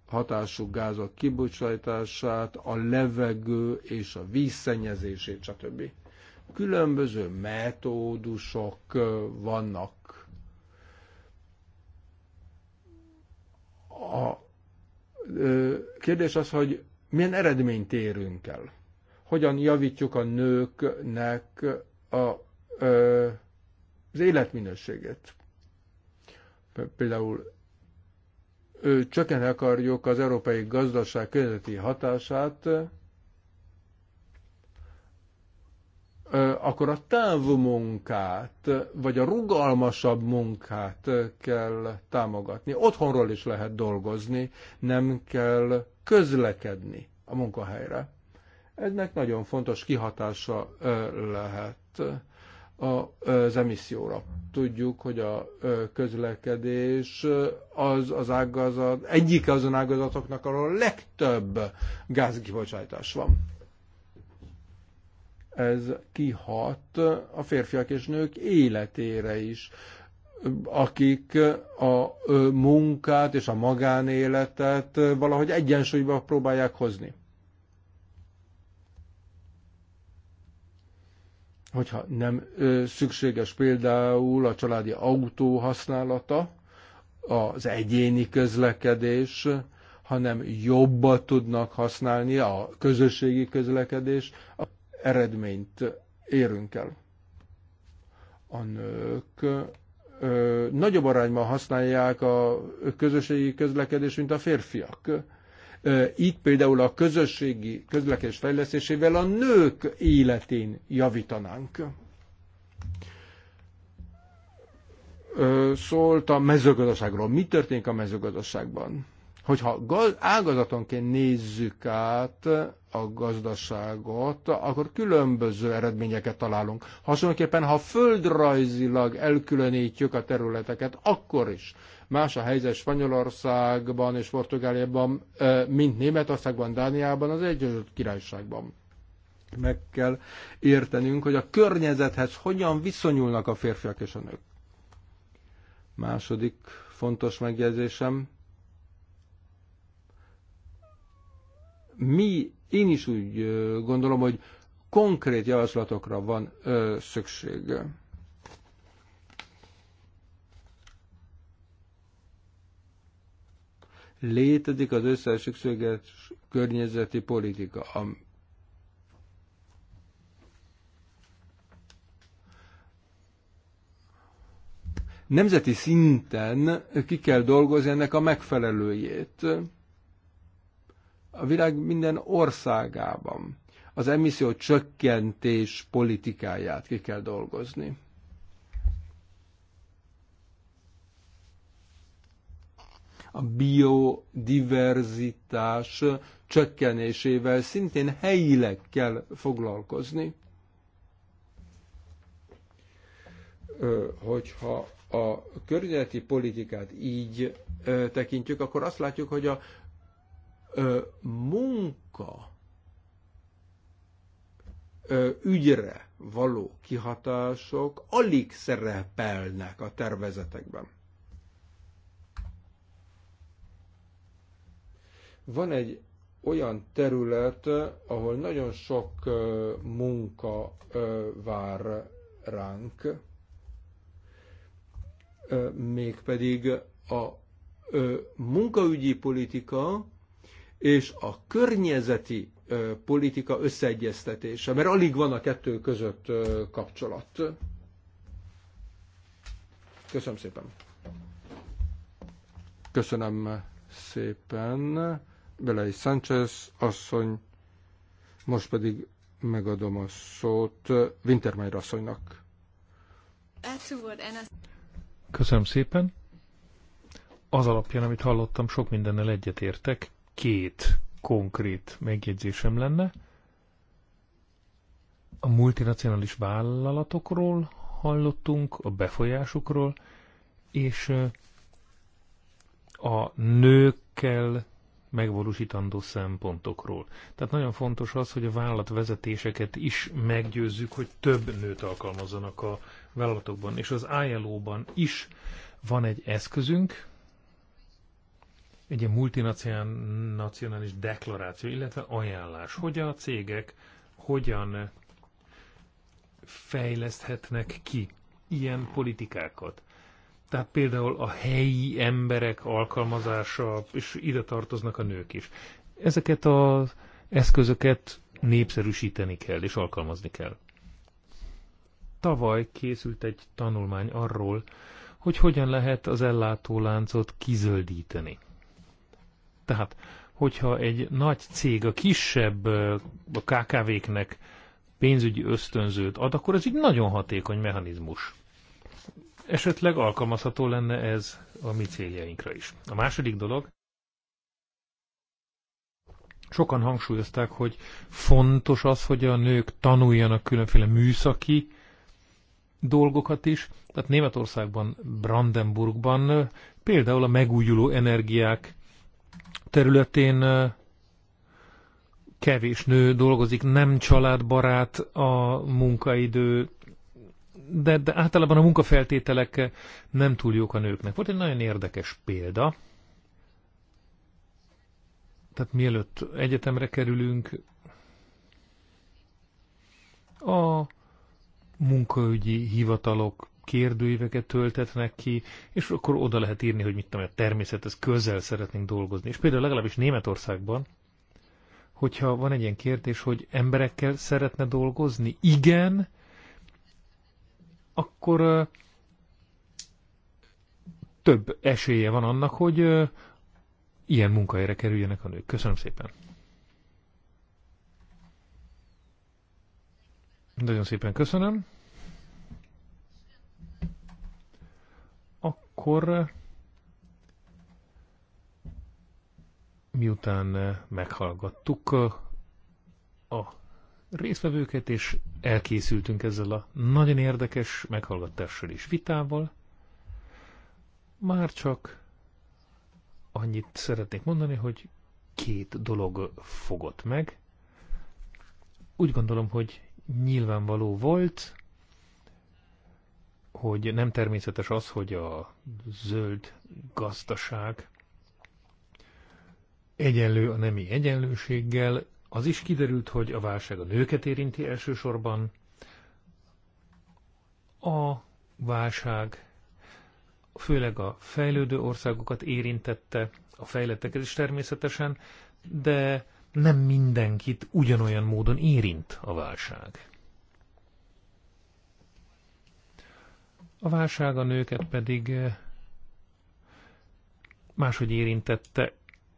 hatású gázok kibocsátását, a levegő és a vízszennyezését, stb. Különböző metódusok vannak. A kérdés az, hogy milyen eredményt érünk el. Hogyan javítjuk a nőknek a, az életminőségét. Például csökken akarjuk az európai gazdaság közötti hatását, akkor a távmunkát, vagy a rugalmasabb munkát kell támogatni. Otthonról is lehet dolgozni, nem kell közlekedni a munkahelyre. Ennek nagyon fontos kihatása lehet az emisszióra. Tudjuk, hogy a közlekedés az az ágazat, egyik azon ágazatoknak, ahol legtöbb gázkibocsátás van ez kihat a férfiak és nők életére is, akik a munkát és a magánéletet valahogy egyensúlyba próbálják hozni. Hogyha nem szükséges például a családi autó használata, az egyéni közlekedés, hanem jobban tudnak használni a közösségi közlekedés, eredményt érünk el. A nők ö, nagyobb arányban használják a közösségi közlekedést, mint a férfiak. Ö, például a közösségi közlekedés fejlesztésével a nők életén javítanánk. Ö, szólt a mezőgazdaságról. Mi történik a mezőgazdaságban? Hogyha ágazatonként nézzük át a gazdaságot, akkor különböző eredményeket találunk. Hasonlóképpen, ha földrajzilag elkülönítjük a területeket, akkor is más a helyzet Spanyolországban és Portugáliában, mint Németországban, Dániában, az Egyesült Királyságban meg kell értenünk, hogy a környezethez hogyan viszonyulnak a férfiak és a nők. Második fontos megjegyzésem, mi, én is úgy gondolom, hogy konkrét javaslatokra van ö, szükség. Létezik az összes szükséges környezeti politika. A nemzeti szinten ki kell dolgozni ennek a megfelelőjét a világ minden országában. Az emisszió csökkentés politikáját ki kell dolgozni. a biodiverzitás csökkenésével szintén helyileg kell foglalkozni. Hogyha a környezeti politikát így tekintjük, akkor azt látjuk, hogy a munka ügyre való kihatások alig szerepelnek a tervezetekben. Van egy olyan terület, ahol nagyon sok munka vár ránk, mégpedig a munkaügyi politika és a környezeti politika összeegyeztetése, mert alig van a kettő között kapcsolat. Köszönöm szépen. Köszönöm szépen. Belei Sánchez asszony, most pedig megadom a szót Wintermeyer asszonynak. Köszönöm szépen. Az alapján, amit hallottam, sok mindennel egyetértek, két konkrét megjegyzésem lenne. A multinacionális vállalatokról hallottunk, a befolyásukról, és a nőkkel megvalósítandó szempontokról. Tehát nagyon fontos az, hogy a vállalatvezetéseket is meggyőzzük, hogy több nőt alkalmazzanak a vállalatokban, és az ILO-ban is van egy eszközünk, egy ilyen multinacionális deklaráció, illetve ajánlás, hogy a cégek hogyan fejleszthetnek ki ilyen politikákat. Tehát például a helyi emberek alkalmazása, és ide tartoznak a nők is. Ezeket az eszközöket népszerűsíteni kell és alkalmazni kell. Tavaly készült egy tanulmány arról, hogy hogyan lehet az ellátóláncot kizöldíteni. Tehát, hogyha egy nagy cég a kisebb a KKV-knek pénzügyi ösztönzőt ad, akkor ez egy nagyon hatékony mechanizmus. Esetleg alkalmazható lenne ez a mi céljainkra is. A második dolog, sokan hangsúlyozták, hogy fontos az, hogy a nők tanuljanak különféle műszaki dolgokat is. Tehát Németországban, Brandenburgban például a megújuló energiák területén kevés nő dolgozik, nem családbarát a munkaidő, de, de általában a munkafeltételek nem túl jók a nőknek. Volt egy nagyon érdekes példa, tehát mielőtt egyetemre kerülünk, a munkaügyi hivatalok kérdőíveket töltetnek ki, és akkor oda lehet írni, hogy mit tudom, a természethez közel szeretnénk dolgozni. És például legalábbis Németországban, hogyha van egy ilyen kérdés, hogy emberekkel szeretne dolgozni, igen, akkor több esélye van annak, hogy ilyen munkahelyre kerüljenek a nők. Köszönöm szépen! Nagyon szépen köszönöm. akkor miután meghallgattuk a részvevőket, és elkészültünk ezzel a nagyon érdekes meghallgatással és vitával, már csak annyit szeretnék mondani, hogy két dolog fogott meg. Úgy gondolom, hogy nyilvánvaló volt, hogy nem természetes az, hogy a zöld gazdaság egyenlő a nemi egyenlőséggel. Az is kiderült, hogy a válság a nőket érinti elsősorban. A válság főleg a fejlődő országokat érintette, a fejletteket is természetesen, de nem mindenkit ugyanolyan módon érint a válság. A válság a nőket pedig eh, máshogy érintette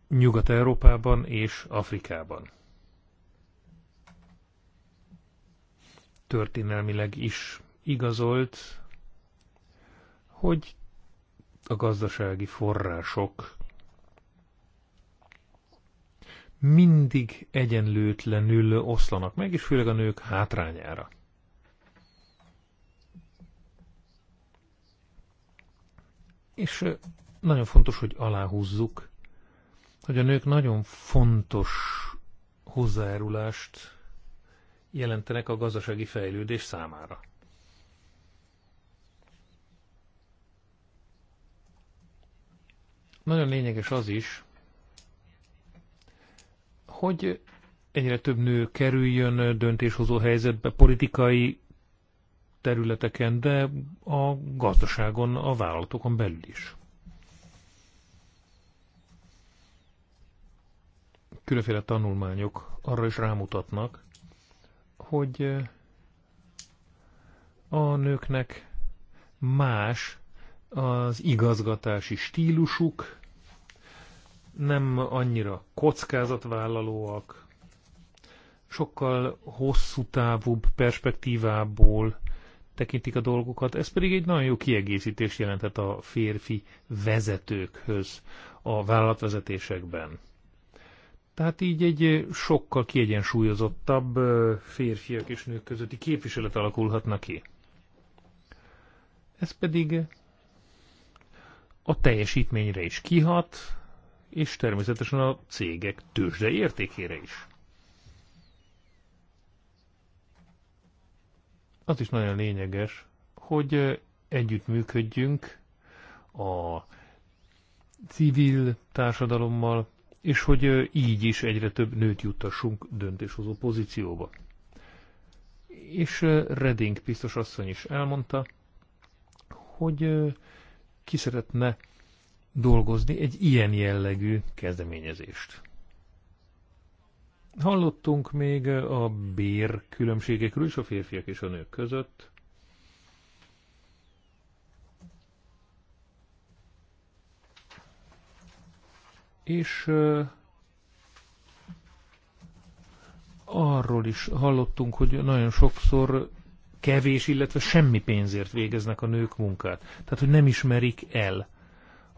Nyugat-Európában és Afrikában. Történelmileg is igazolt, hogy a gazdasági források mindig egyenlőtlenül oszlanak meg, és főleg a nők hátrányára. És nagyon fontos, hogy aláhúzzuk, hogy a nők nagyon fontos hozzájárulást jelentenek a gazdasági fejlődés számára. Nagyon lényeges az is, hogy egyre több nő kerüljön döntéshozó helyzetbe, politikai területeken, de a gazdaságon, a vállalatokon belül is. Különféle tanulmányok arra is rámutatnak, hogy eh, a nőknek más az igazgatási stílusuk, nem annyira kockázatvállalóak, sokkal hosszú távúbb perspektívából tekintik a dolgokat, ez pedig egy nagyon jó kiegészítés jelentett a férfi vezetőkhöz a vállalatvezetésekben. Tehát így egy sokkal kiegyensúlyozottabb férfiak és nők közötti képviselet alakulhatna ki. Ez pedig a teljesítményre is kihat, és természetesen a cégek tőzsde értékére is. az is nagyon lényeges, hogy együttműködjünk a civil társadalommal, és hogy így is egyre több nőt juttassunk döntéshozó pozícióba. És Reding biztos asszony is elmondta, hogy ki szeretne dolgozni egy ilyen jellegű kezdeményezést. Hallottunk még a bér különbségekről is a férfiak és a nők között. És uh, arról is hallottunk, hogy nagyon sokszor kevés, illetve semmi pénzért végeznek a nők munkát. Tehát, hogy nem ismerik el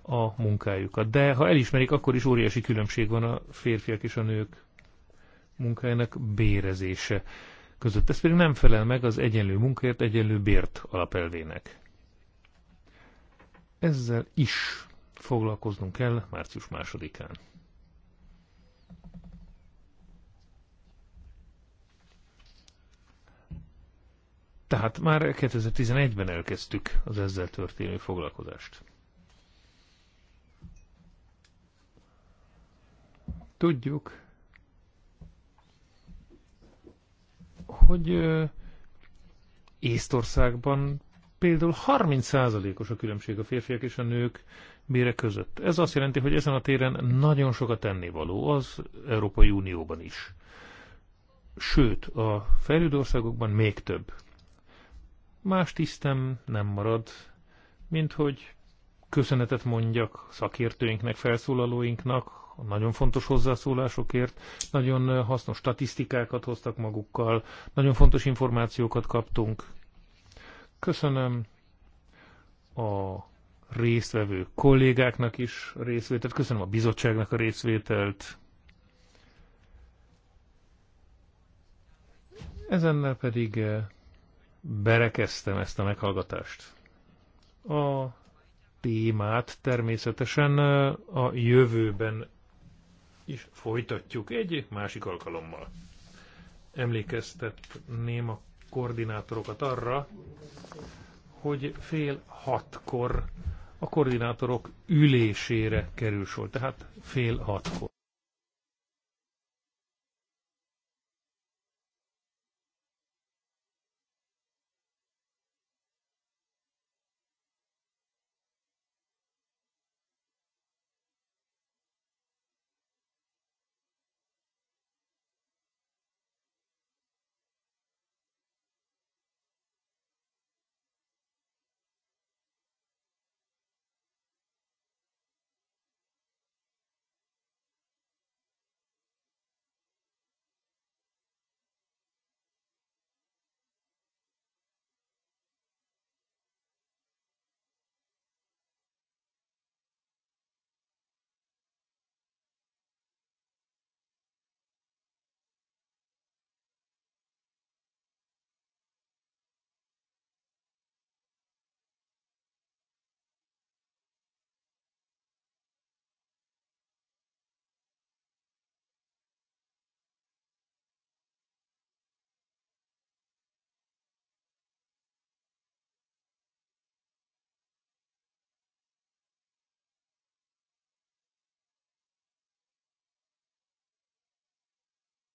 a munkájukat. De ha elismerik, akkor is óriási különbség van a férfiak és a nők munkájának bérezése között. Ez pedig nem felel meg az egyenlő munkáért, egyenlő bért alapelvének. Ezzel is foglalkoznunk kell március másodikán. Tehát már 2011-ben elkezdtük az ezzel történő foglalkozást. Tudjuk, hogy Észtországban például 30%-os a különbség a férfiak és a nők bére között. Ez azt jelenti, hogy ezen a téren nagyon sokat tennivaló az Európai Unióban is. Sőt, a fejlődő országokban még több. Más tisztem nem marad, mint hogy köszönetet mondjak szakértőinknek, felszólalóinknak, a nagyon fontos hozzászólásokért, nagyon hasznos statisztikákat hoztak magukkal, nagyon fontos információkat kaptunk. Köszönöm a résztvevő kollégáknak is a részvételt, köszönöm a bizottságnak a részvételt. Ezennel pedig berekeztem ezt a meghallgatást. A témát természetesen a jövőben is folytatjuk egy másik alkalommal. Emlékeztetném a koordinátorokat arra, hogy fél hatkor a koordinátorok ülésére kerül sor, tehát fél hatkor.